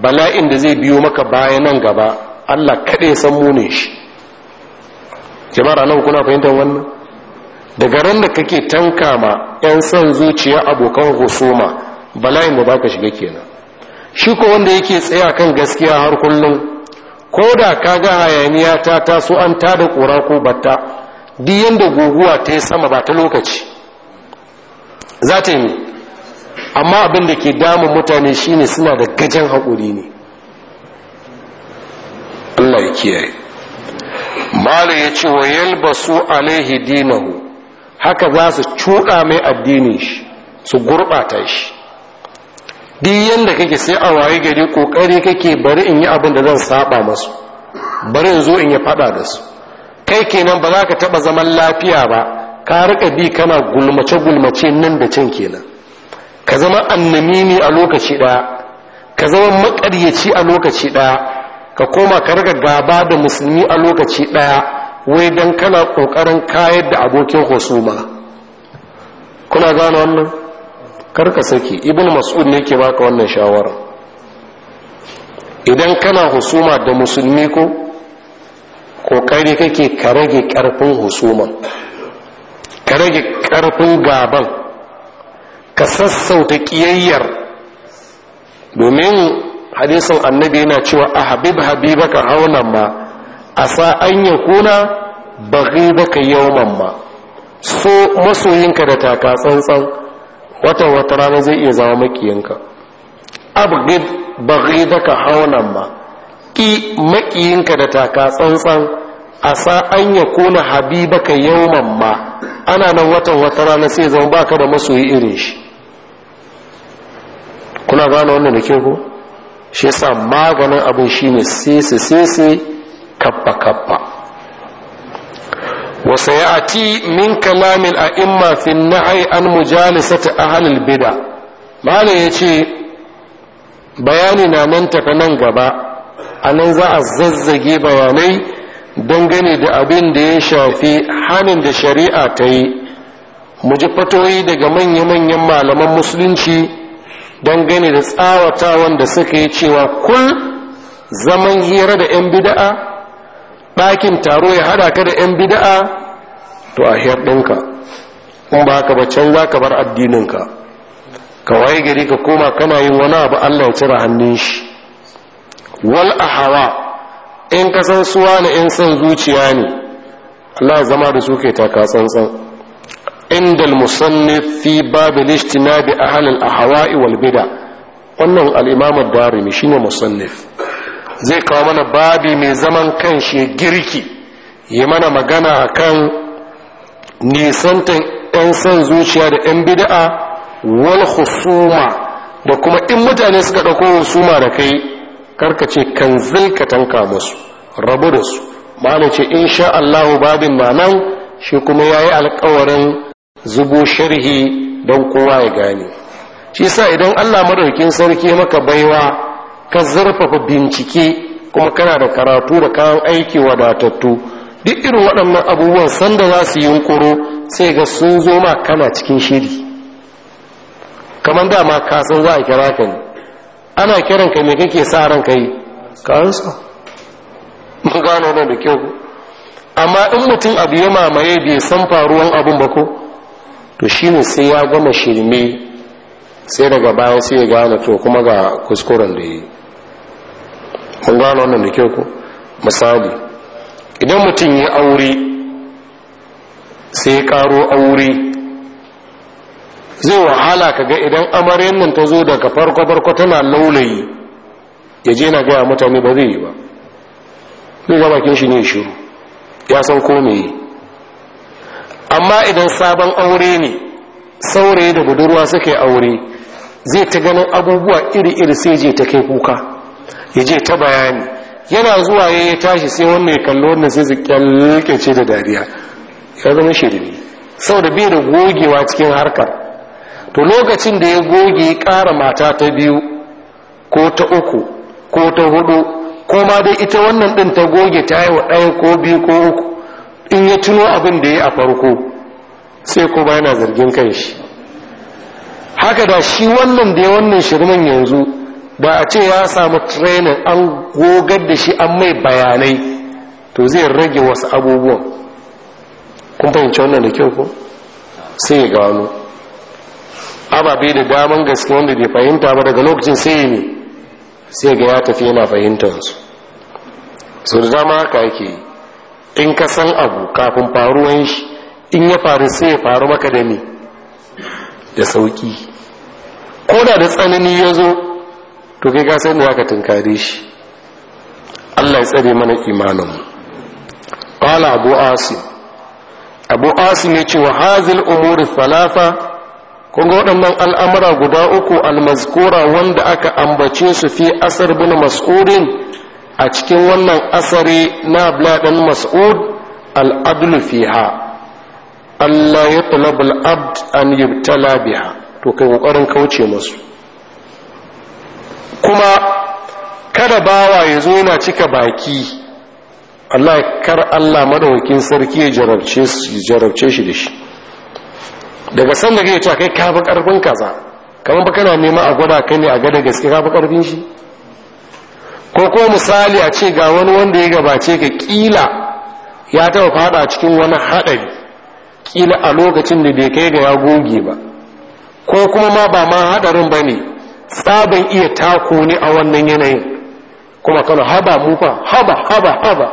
bala'in da zai biyo maka baya nan gaba allah kaɗai san munin shi jama'ar nan kuna fahimtar wannan daga ran da kake tanka ma 'yan son zuciya abokan husuma bala'in da baka shiga kenan shi ko wanda yake tsaya kan gaskiya har kullum ko da ka ga hayaniya ta taso an ta da ƙura ko batta duk yadda guguwa ta yi sama ba ta lokaci za ta yi amma abin da ke damun mutane shine suna da gajen haƙuri ne Allah ya kiyaye Mala ya ce wa yalbasu alaihi dinahu haka za su cuɗa mai addinin shi su gurɓata shi duk yadda kake sai a waye gari ƙoƙari kake bari in yi abin da zan saba masu bari in zo in yi faɗa da su kai kenan ba za ka taɓa zaman lafiya ba ka riƙa bi kana gulmace-gulmace nan da can kenan ka zama annami ne a lokaci ɗaya ka zama maƙaryaci a lokaci ɗaya ka koma ka riƙa gaba da musulmi a lokaci ɗaya wai don kana ƙoƙarin kayar da abokin husuma kuna gano wannan karka sake ibn mas'ud ne ke baka wannan shawara idan kana husuma da musulmi ko ƙoƙari kake ka rage ƙarfin husuma ka rage ƙarfin gaban ka sassauta ƙiyayyar domin hadisin annabi yana cewa a habib habibaka haunan ma a sa an yi kuna bari baka yawman ma so masoyinka da taka tsantsan wata wata rana zai iya zama makiyanka abgid bari baka haunan ma ki makiyinka da taka tsantsan a sa an ya kuna habibaka yawman ma ana nan watan wata rana sai zama baka da masoyi irin shi kuna gane wannan da ke ku shi sa maganin abin ne sese sese kappa kappa wa sayati min kalamin a'imma fi nahi an ta ahlil bid'a malam yace bayani na nan tafi nan gaba anan za a zazzage bayanai dangane da abin da ya shafi hanin da shari'a ta yi mu fatoyi daga manya-manyan malaman musulunci dangane da tsawatawan da suka yi cewa kul zaman hira da 'yan bida'a ɗakin taro ya hada ka da 'yan bida'a to a hiyar ɗinka in ba ka bacan za ka bar addininka ka waye gari ka koma kana yin wani abu allah ya cire hannun shi wal ahawa in ka san suwa na in san zuciya ne allah zama da suke taka tsantsan inda musannif fi babu lishtinabi ahalin hawa'i wal bida wannan al'imamar darimi ne musannif zai kawo mana babi mai zaman kanshi girki yi mana magana kan nisantan 'yan san zuciya da 'yan bida'a wal husuma da kuma in mutane suka ɗauko husuma da kai karkace kan zilka tanka musu rabu da su ma'ana ce in sha Allahu babin ma nan shi kuma ya yi alkawarin zubo sharhi don kowa ya gane shi sa idan allah madaukin sarki maka baiwa ka zarfafa bincike kuma kana da karatu da kayan aiki wadatattu duk irin waɗannan abubuwan sanda za su yi sai ga sun zo ma kana cikin shiri kamar dama ka san za a kira ka ne ana kiran ka me kake sa ran ka yi ka mun gano nan da kyau amma in mutum abu ya mamaye bai san faruwan abun ba ko to ne sai ya gama shirme sai daga bayan sai ya gane to kuma ga kuskuren da yi mun gane wannan da kyau ku misali idan mutum ya aure sai ya karo aure zai wahala ka ga idan amaryan nan ta zo daga farko farko tana laulayi ya je na gaya mutane ba zai yi ba zai ga shi ne shiru ya san ko yi amma idan sabon aure ne saurayi da budurwa suke aure zai ta ganin abubuwa iri-iri sai je ta kai kuka ya je ta bayani yana zuwa ya yi tashi sai wannan ya kalli wannan sai zai ce da dariya ya zama shirme ne. bai da gogewa cikin harkar to lokacin da ya goge ƙara mata ta biyu ko ta uku ko ta hudu ko ma dai ita wannan ɗin ta goge ta yi wa ɗaya ko biyu ko uku in ya tuno abin da ya yi a farko sai kuma yana zargin kanshi haka da shi wannan da ya wannan shirman yanzu ba a ce ya samu training an gogar da shi an mai bayanai to zai rage wasu abubuwan kun fahimci wannan da kyau ku. sai ya gano ababe da daman gaske wanda bai fahimta ba daga lokacin sai ne sai ga ya tafi yana fahimtansu su da dama haka yake in ka san abu kafin faruwan shi in ya faru sai ya faru maka da ne da sauki ko da da tsanani ya zo to kai ka sai da aka tunkare shi Allah ya tsare mana imanin qala abu asim abu asim ya ce wa hazil umuri falafa kun waɗannan al'amura guda uku almazkura wanda aka ambace su fi asar bin mas'udin a cikin wannan asari na abladan mas'ud al'adlu fiha Allah ya talabal abd an yi talabiya to kai kokarin kauce masu kuma kada bawa ya zo yana cika baki Allah kar Allah madaukakin sarki ya jarabce shi jarabce shi da shi daga san da kai kai ka fi karfin kaza kamar ba kana nema a gwada kai ne a gada gaske ka karfin shi ko ko misali a ce ga wani wanda ya gabace ka kila ya taba fada cikin wani hadari kila a lokacin da bai kai ga ya goge ba ko kuma ma ba ma hadarin ba ne tsaban iya tako ne a wannan yanayin kuma kano haba mufa haba haba haba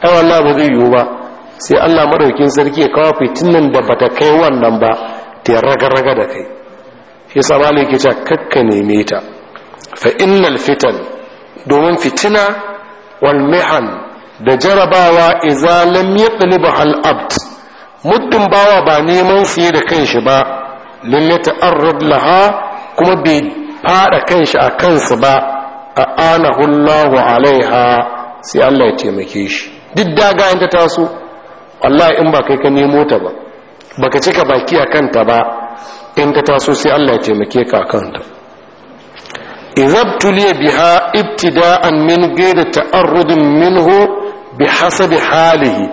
ai ba zai yiwu ba sai Allah maɗaukin sarki ya kawo nan da ba ta kai wannan ba ta raga-raga da kai shi sa malai ke kakka neme ta fa innal fitan domin fitina walmehan da jarabawa idza lam yatlib al abd muddin bawa ba neman su da kan shi ba limita arrud laha kuma bai fada kanshi a kansa ba a anahullahu alaiha sai Allah ya taimake shi duk daga in ta taso wallahi in ba kai ka nemo ta ba baka cika baki a kanta ba in ta taso sai Allah ya taimake ka a kanta izabtuliya biha ibtida'an min da ta'arrudin minhu bi hasabi halihi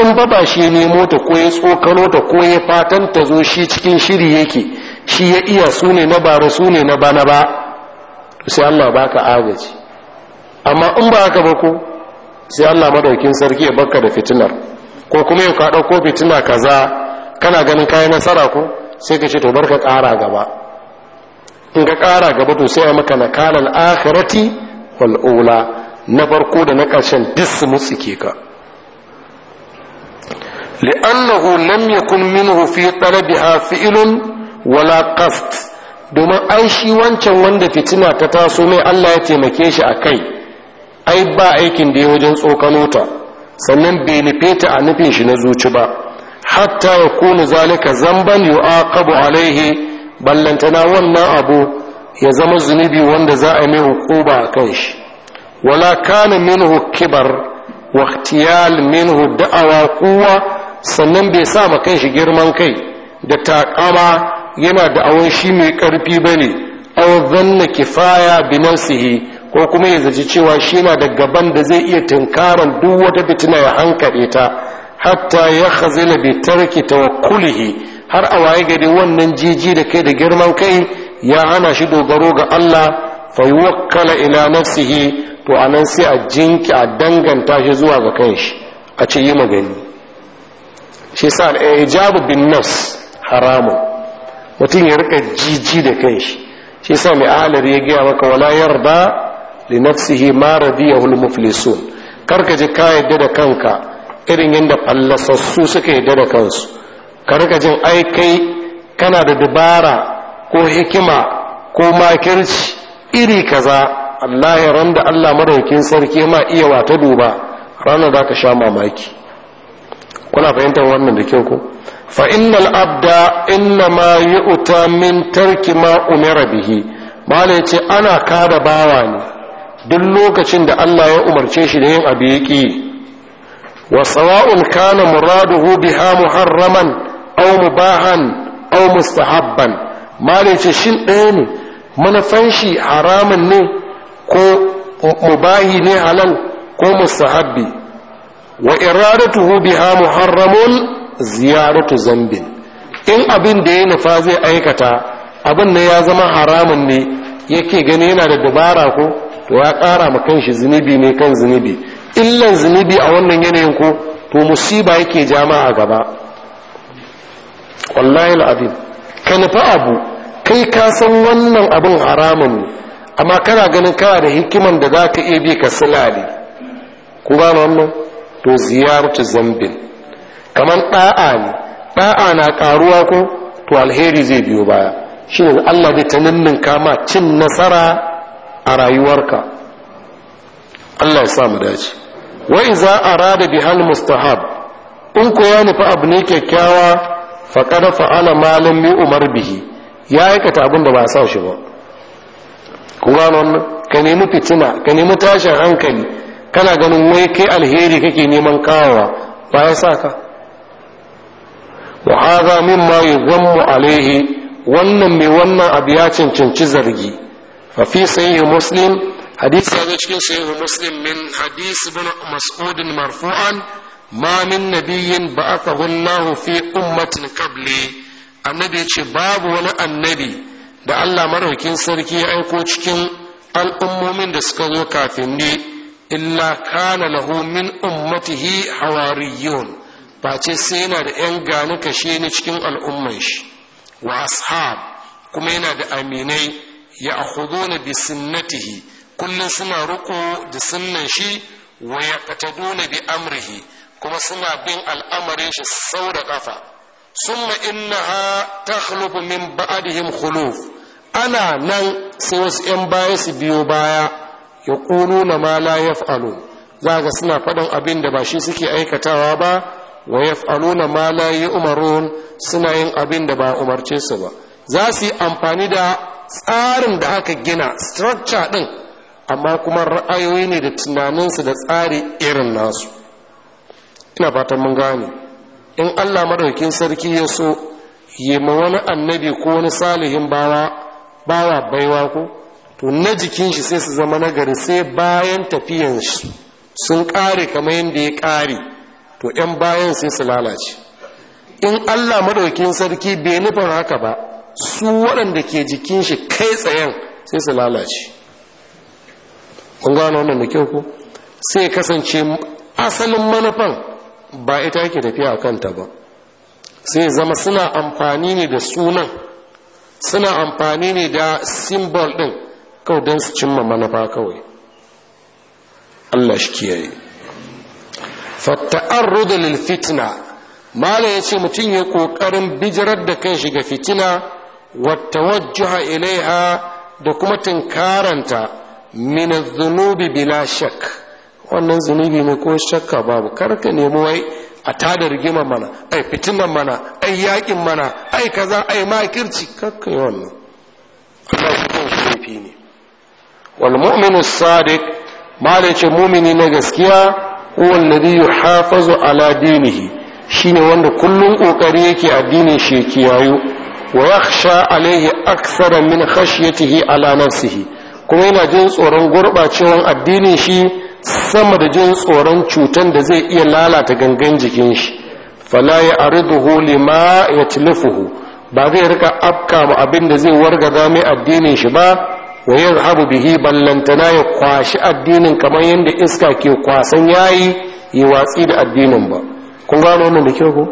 in ba ba shi nemo ta ko ya tsokano ta ko ya fatan ta zo shi cikin shiri yake shi ya iya su ne na bara su ne na bana ba sai Allah ba ka agaji amma in ba ka ba ko sai Allah madaukin sarki ya baka da fitinar ko kuma ya ka ko fitina kaza kana ganin kayan nasara ko sai ka ce to barka ƙara gaba in ka ƙara gaba to sai maka na kanan akhirati wal na farko da na ƙarshen duk mutsike ka li'annahu lam yakun minhu fi talabiha fi'lun wala qasd domin ai shi wancan wanda fitina ta taso mai Allah ya taimake shi a kai ai ba aikin da ya wajen tsokano ta sannan bai nufeta a nufin shi na zuci ba hatta ya kuna zalika zamban yu'aqabu alaihi ballantana wannan abu ya zama zunubi wanda za a mai hukuba a kan shi wala kana minhu kibar wa ikhtiyal minhu da'awa quwwa sannan bai sa ma kanshi girman kai da takama yana da awon shi mai karfi bane aw zanna kifaya bi nafsihi ko kuma ya zaci cewa shi na da gaban da zai iya tunkaran duk wata fitina ya hankale ta hatta ya khazila bi tarki tawakkulihi har a waye gari wannan jiji da kai da girman kai ya hana shi dogaro ga Allah fa wakkala ila nafsihi to anan sai a jinki a danganta shi zuwa ga kanshi a ce yi magani shi sa al'ijabu bin nas haramun mutum ya rika jiji da kai shi shi sa mai alar ya gaya maka wala yarda li nafsihi ma radiyahul muflisun karka ji ka yadda da kanka irin yadda fallasassu suka yadda da kansu karka jin ai kai kana da dabara ko hikima ko makirci iri kaza Allah ya randa Allah maraukin sarki ma iya wata duba ranar da ka sha mamaki kuna fahimtar wannan da kyau ko fa innal abda ma yu'ta min tarki ma umira bihi malai ce ana kada bawa ne duk lokacin da Allah ya umarce shi da yin abu yaki wa sawa'un kana muraduhu biha muharraman aw mubahan aw mustahabban malai ce shin ɗaya ne manufan shi haramun ne ko mubahi ne halal ko mustahabbi wa iradatuhu biha muharramun ziyaratu zambin in abin da ya nufa zai aikata abin da ya zama haramun ne yake gani yana da dabara ko to ya ƙara ma kanshi zunubi ne kan zunubi illan zunubi a wannan yanayin ko to musiba yake jama'a gaba wallahi al'adin ka nufa abu kai ka san wannan abin haramun ne amma kana ganin kana da hikiman da za ka iya bi ka silale ku gano wannan to ziyarci zambin kamar ɗa'a ne ɗa'a na ƙaruwa ko to alheri zai biyo baya shi ne allah zai ta ninninka ma cin nasara a rayuwarka allah ya sa dace wai za a rada bihal mustahab in ko ya nufi abu ne kyakkyawa faƙada fa'ala malam mi umar bihi ya aikata abin da ba a sa shi ba ku gano wannan ka nemi fitina ka nemi tashin hankali kana ganin wai kai alheri kake neman kawowa ba ya sa ka wa haza mimma yuzammu alaihi wannan mai wannan abu ya cancanci zargi fa fi sahih muslim hadisi ya cikin sahih muslim min hadisi ibn mas'ud marfu'an ma min nabiyyin ba'athahu Allah fi ummatin qabli annabi ce babu wani annabi da Allah maraukin sarki ya aiko cikin al'ummomin da suka zo kafin ne. illa kana lahu min ummatihi hawariyun ba ce sai yana da yan gani kashe ne cikin al'umman shi wa ashab kuma yana da aminai ya na bi sunnatihi kullum suna riƙo da sunnan shi wa yaqtaduna bi amrihi kuma suna bin al'amarin shi sau da kafa summa innaha takhlufu min ba'adihim khuluf ana nan sai wasu yan baya su biyo baya na ma la fa’alu za ga suna faɗin abin da ba shi suke aikatawa ba wa ya na ma la umarun suna yin abin da ba umarce su ba za su yi amfani da tsarin da aka gina structure ɗin, amma kuma ra'ayoyi ne da tunaninsu da tsari irin nasu ina fatan mun gane in Allah maɗaukin sarki ya so yi ma wani annabi ko wani salihin bawa bawa baiwa ko to na jikin shi sai su zama nagari sai bayan tafiyan shi sun kare kamar yadda ya kare to 'yan bayan sai su lalace in allah madaukin sarki bai nufin haka ba su waɗanda ke jikin shi kai tsayen sai su lalace kun gano wannan da kyau ko sai kasance asalin manufan ba ita yake tafiya a kanta ba sai zama suna amfani ne da sunan suna amfani ne da simbol ɗin kawai don su cimma manafa kawai Allah shi kiyaye fatta'arrudu lil fitna mala ce mutum ya kokarin bijirar da kan shi ga fitina wata tawajjuha ilaiha da kuma tunkaranta mina zunubi bila shak wannan zunubi ne ko shakka babu karka nemi wai a tada rigima mana ai fitinan mana ai yakin mana ai kaza ai makirci yi wannan wal mu'minu sadiq malai ce mumini na gaskiya huwa alladhi yuhafazu ala dinihi shine wanda kullun kokari yake addinin shi kiyayo wa yakhsha alaihi akthara min khashyatihi ala nafsihi kuma yana jin tsoron gurbacewan addinin shi sama da jin tsoron cutan da zai iya lalata gangan jikin shi fala ya ariduhu lima ya tilufuhu ba zai rika afka ma abin da zai wargaza mai addinin shi ba wa habu bihi ballantana ya kwashi addinin kamar yadda iska ke kwasan yayi yi watsi da addinin ba kun gano wannan da kyau ko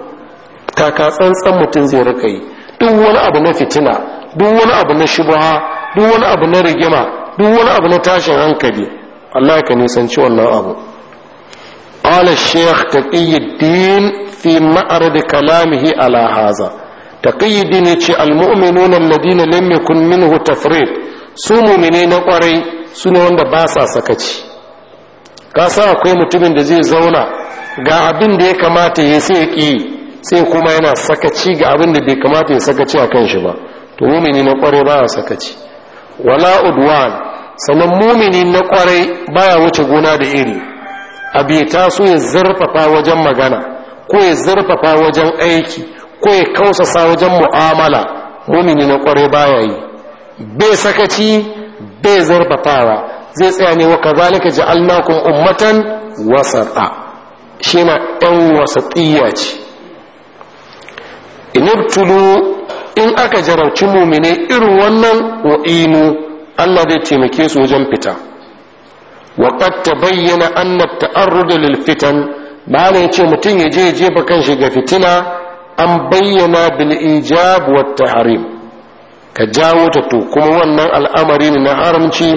kaka tsantsan mutum zai rika yi duk wani abu na fitina duk wani abu na shubha duk wani abu na rigima duk wani abu na tashin hankali Allah ka nisanci wannan abu قال الشيخ تقي الدين في معرض كلامه ya هذا تقي الدين المؤمنون na لم يكن minhu تفريط su mumine na kwarai su ne wanda ba sa sakaci ka akwai mutumin da zai zauna ga abin da ya kamata ya sai ki sai kuma yana sakaci ga abin da bai kamata ya sakaci a kan shi ba to mumini na kwarai ba ya sakaci wala uduwan sannan mumini na kwarai ba ya wuce gona da iri ta so ya zarfafa wajen magana ko ya zarfafa wajen aiki ko ya kausasa wajen mu'amala mumini na kwarai ba ya yi bai sakaci bai zarfafawa zai tsaya ne wa kazalika ja'alnakum ummatan wasata shi ma ɗan wasatiyya ce inibtulu in aka jarauci mumine irin wannan wa'inu Allah zai taimake su wajen fita wa bayyana bayyana anna ta'arruda taarrud lil fitan malam yace mutum ya je ya jefa kanshi ga fitina an bayyana bil ijab wat tahrim ka jawo ta to kuma wannan al'amari ne na haramci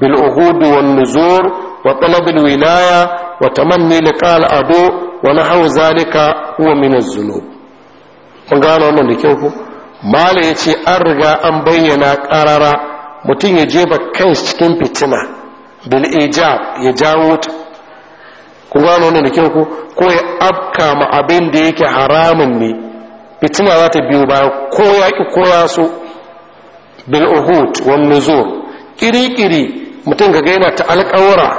bil uhud wan nuzur wa talab al wilaya wa tamanni liqa al adu wa nahaw zalika huwa min az zunub kun gano wannan da kyau ko mala yace an riga an bayyana karara mutum ya jeba kai cikin fitina bil ijab ya jawo ta kun gano wannan da kyau ko ko ya abka ma abin da yake haramun ne fitina za ta biyo baya ko ya ki ko ya so bil uhud wan nuzur kirikiri mutum kaga yana ta alƙawara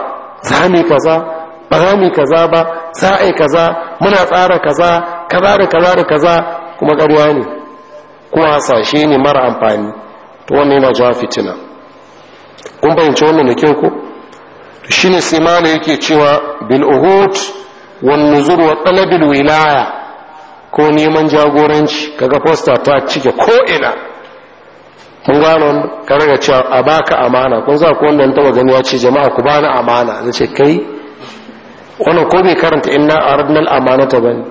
za kaza ba za kaza ba za kaza muna tsara kaza kaza da kaza da kaza kuma ƙarya ne ko hasashe ne mara amfani to wannan yana jawo fitina kun fahimci wannan da kyau ko to shine sai yake cewa bil uhud wan nuzur wa wilaya ko neman jagoranci kaga poster ta cike ko ina kun gano ga cewa a baka amana kun za ku wannan taba gani ya ce jama'a ku bani amana zai ce kai wannan ko bai karanta inna amana amanata bane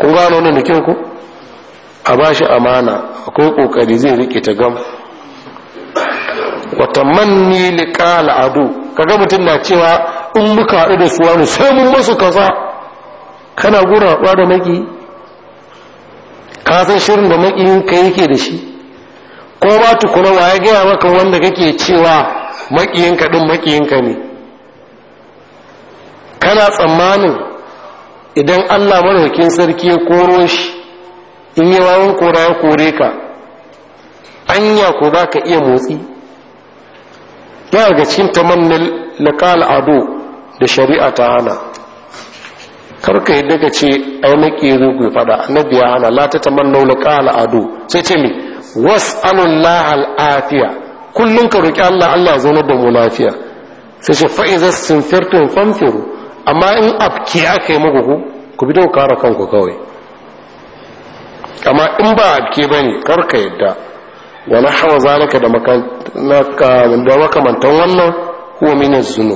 kun gano ne da ku a ba shi amana akwai kokari zai rike ta gam wa tamanni la'adu ka kaga mutum na cewa in muka haɗu da su wani sai mun masu kasa. kana gura da maki ka san shirin da makiyin ka yake da shi ko ba tukuna wa ya gaya maka wanda kake cewa makiyinka ɗin makiyinka ne kana tsammanin idan allah marhakin sarki ya koro shi in yi wawan kora ya kore ka anya ko za ka iya motsi ya ga cin tamannin laƙal ado da shari'a ta hana karka yi daga ce ai maƙi zo ku faɗa annabi ya hana la ta tamannin laƙal ado sai ce mai was'alullah al'afiya kullum ka roƙi Allah Allah zo da mu lafiya sai shi sun idza in famfiru amma in abke aka yi muku ku ku bi don kara kanku kawai amma in ba ba ne, kar ka yadda Wani hawa zalika da makamantan wannan kuwa mini zuno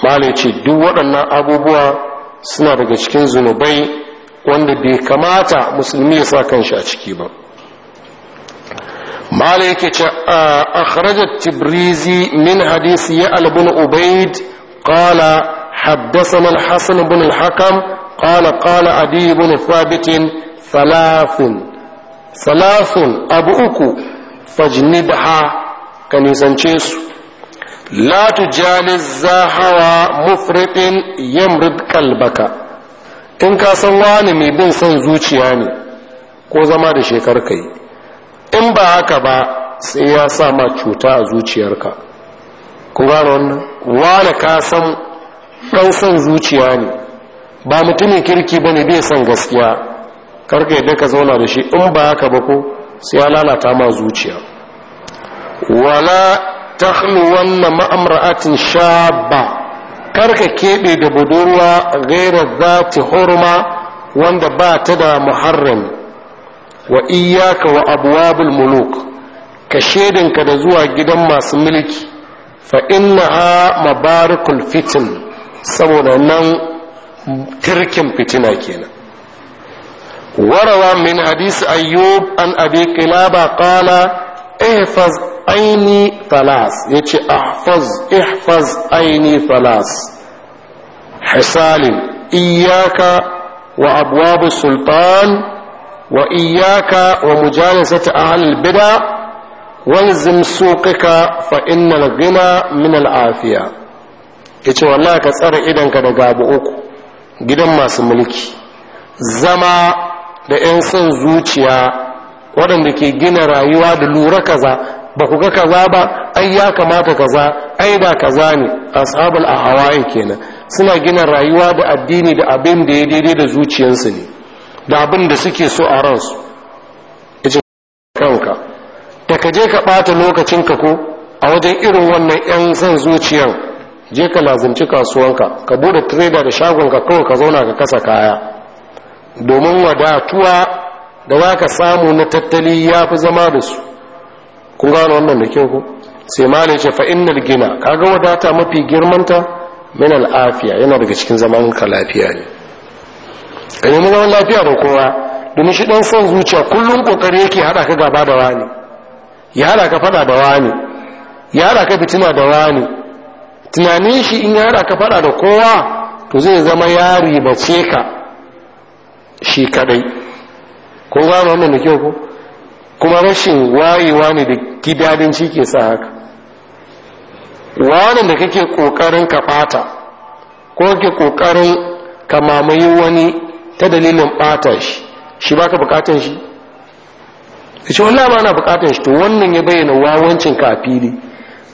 zunub ce duk waɗannan abubuwa suna daga cikin zunubai wanda bai kamata musulmi ya sa kan shi a ciki ba mala yake ce akhrajat tibrizi min hadisi ya albin ubaid qala حدثنا الحسن بن الحكم قال قال عدي بن ثابت ثلاث ثلاث أبو أكو فاجنبها كان يسنشيس لا تجالس زاهوا مفرط يمرض قلبك in ka san wani mai bin son zuciya ne ko zama da shekar kai in ba haka ba sai ya sa ma cuta a zuciyarka kun gano wannan wane ka san ɗan son zuciya ne ba mutumin kirki ba ne bai son gaskiya karka yadda ka zauna da shi in ba haka ba ko sai ya lalata ma zuciya wala ta wannan ma'amra'atin shabba karka keɓe da budurwa gairar za ta wanda ba ta da muharrami wa iyaka wa abwabul muluk ka shedinka da zuwa gidan masu mulki fa ma mabarikul fitin saboda nan tirkin fitina kenan warawa min hadisi ayyub an abi kilaba qala ihfaz aini falas yace ahfaz ihfaz aini falas hisalin iyaka wa abwabu sultan wa iyaka wa البدع وانزم bid'a فإن الغنى من العافية ghina min كسر afiya كده wallahi ka tsare idanka daga uku gidan masu mulki zama da yan son zuciya waɗanda ke gina rayuwa da lura kaza ba ku ga kaza ba ai ya kamata kaza ai da kaza ne ashabul hawaye kenan suna gina rayuwa da addini da abin da ya daidai da zuciyarsu ne da abin da suke so a ransu iji kanka da ka je ka ɓata lokacinka ko a wajen irin wannan 'yan san zuciyar je ka lazimci kasuwanka ka bude trader da shagonka kawai ka zauna ka kasa kaya domin wadatuwa da za ka samu na tattali ya fi zama da su kun gano wannan da kyau ku sai ma ne ce fa'innal gina kaga wadata mafi girmanta min al'afiya yana daga cikin zaman ka lafiya ne ka yi zaman lafiya da kowa domin shi dan son zuciya kullum kokari yake hada ka gaba da wani ya hada ka fada da wani ya hada ka fitina da wani tunanin shi in ya hada ka fada da kowa to zai zama yari ribace ka shi kadai ko gano wannan da kyau ko kuma rashin wayewa ne da gidadin cike ke sa haka wani da kake kokarin ka fata ko kake kokarin ka mamaye wani ta dalilin bata shi shi baka bukatan shi kace wallahi ba na bukatan shi to wannan ya bayyana wawancin ka fili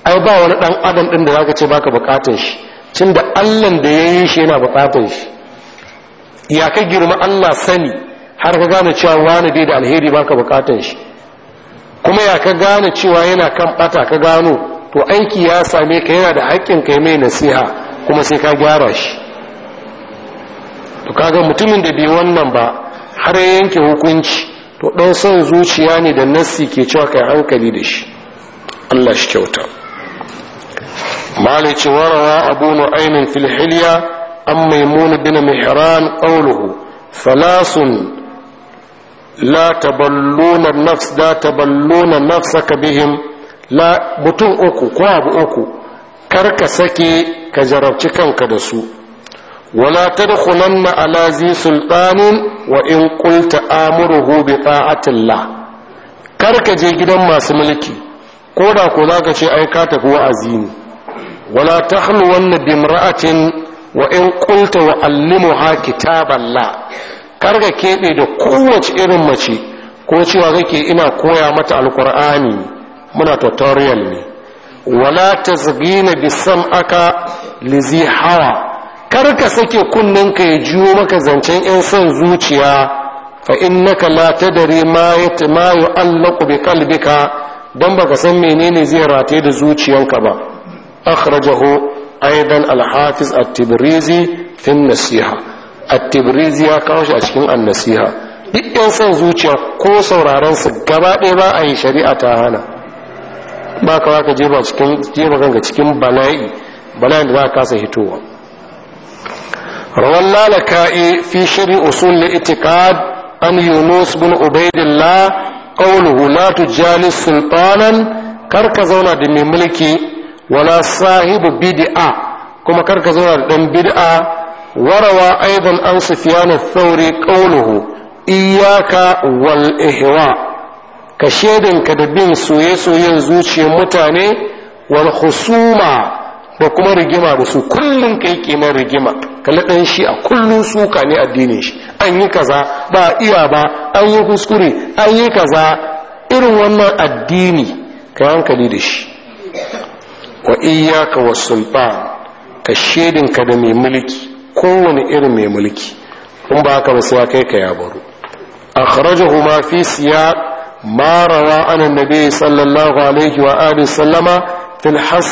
ai ba wani dan adam din da zaka ce baka bukatan shi tunda Allah da ya yi shi yana bukatan shi ya ka girma Allah sani har ka gane cewa wani bai da alheri baka bukatan shi kuma ya ka gane cewa yana kan bata ka gano to aiki ya same ka yana da haƙƙin kai mai nasiha kuma sai ka gyara shi to kaga mutumin da bai wannan ba har yanke hukunci to dan son zuciya ne da nassi ke cewa kai hankali da shi Allah shi kyauta malici warawa abu nu'aymin fil hilya an maimuna bin mihran qawluhu salasun la taballuna nafs da taballuna nafsaka bihim la mutum uku ko abu uku karka sake ka jarabci kanka da su wala tadkhulanna ala zi sultanin wa in qulta amuruhu bi ta'atillah kar ka je gidan masu mulki ko da kula ka ce ai ka tafi wa'azi ne wala tahluwanna bi imra'atin wa in qulta wa allimuha kitaballah kar ka keɓe da kowace irin mace ko cewa kake ina koya mata alqur'ani muna tutorial ne wala tazgina bi Aka lizi hawa karka sake kunnenka ya jiwo maka zancen 'yan son zuciya fa innaka la tadri ma yatma yu'allaqu bi qalbika dan baka san menene zai rata da zuciyanka ba akhrajahu aidan al-hafiz at-tibrizi fi an-nasiha at-tibrizi ya kawo shi a cikin an-nasiha duk 'yan son zuciya ko sauraron su gaba ɗaya ba a yi shari'a ta hana ba ka ka jeba cikin kanka cikin bala'i bala'in da za ka kasa hitowa rawan lalaka'i fi shari usul li'itiqad an yunus bin ubaidillah qawluhu la tujalis kar ka zauna da mai mulki wala sahibu bid'a kuma karka zauna da ɗan bid'a warawa aidan an sufyan sauri thawri qawluhu iyyaka wal ihwa ka shedinka da bin soye-soyen zuciyar mutane wal husuma da kuma rigima da su kullum kai kimar rigima kalli ɗan shi a kullum suka ne addinin shi an yi kaza ba iya ba an yi kuskure an yi kaza irin wannan addini ka hankali da shi wa iyaka wa sultan ka shedinka da mai mulki kowane irin mai mulki in ba ka ba kai ka ya baro akhrajahu ma fi siyaq ma rawa an annabi sallallahu alaihi wa alihi sallama fil hass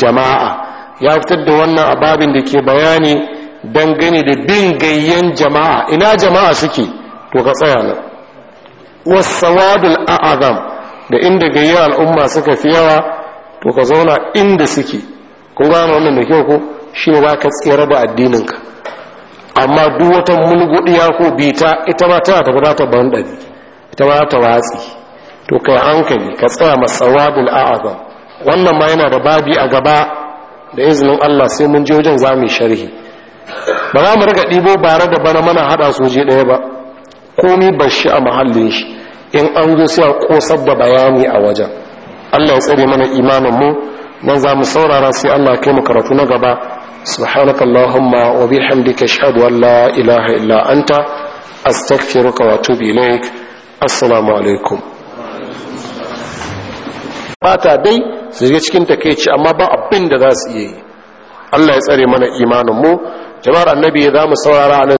jama'a ya fitar da wannan ababin da ke bayani dangane da bin gayyen jama'a ina jama'a suke to ka tsaya nan wasawadul a'azam da inda gayyen al'umma suka fi yawa to ka zauna inda suke kun gano wannan da kyau ko shi ne ba ka tsere da addininka amma duk wata mulguɗiya ko bita ita ma tana tafi za ta ban ɗari ita ma ta watsi to kai hankali ka tsaya masawadul a'azam wannan ma yana da babi a gaba da izinin Allah sai mun je wajen zamu sharhi ba za mu riga ɗibo bare da bana mana haɗa su je ɗaya ba komi bashi a mahallin shi in an zo sai a kosar da bayani a wajen Allah ya tsare mana imanin mu nan za mu saurara sai Allah kai mu karatu na gaba subhanaka allahumma wa bihamdika ashhadu an la ilaha illa anta astaghfiruka wa atubu ilaik assalamu alaikum bata dai su ga cikin takeici amma ba abin da za su iya yi Allah ya tsare mana imanin mu jama'ar annabi za mu saurara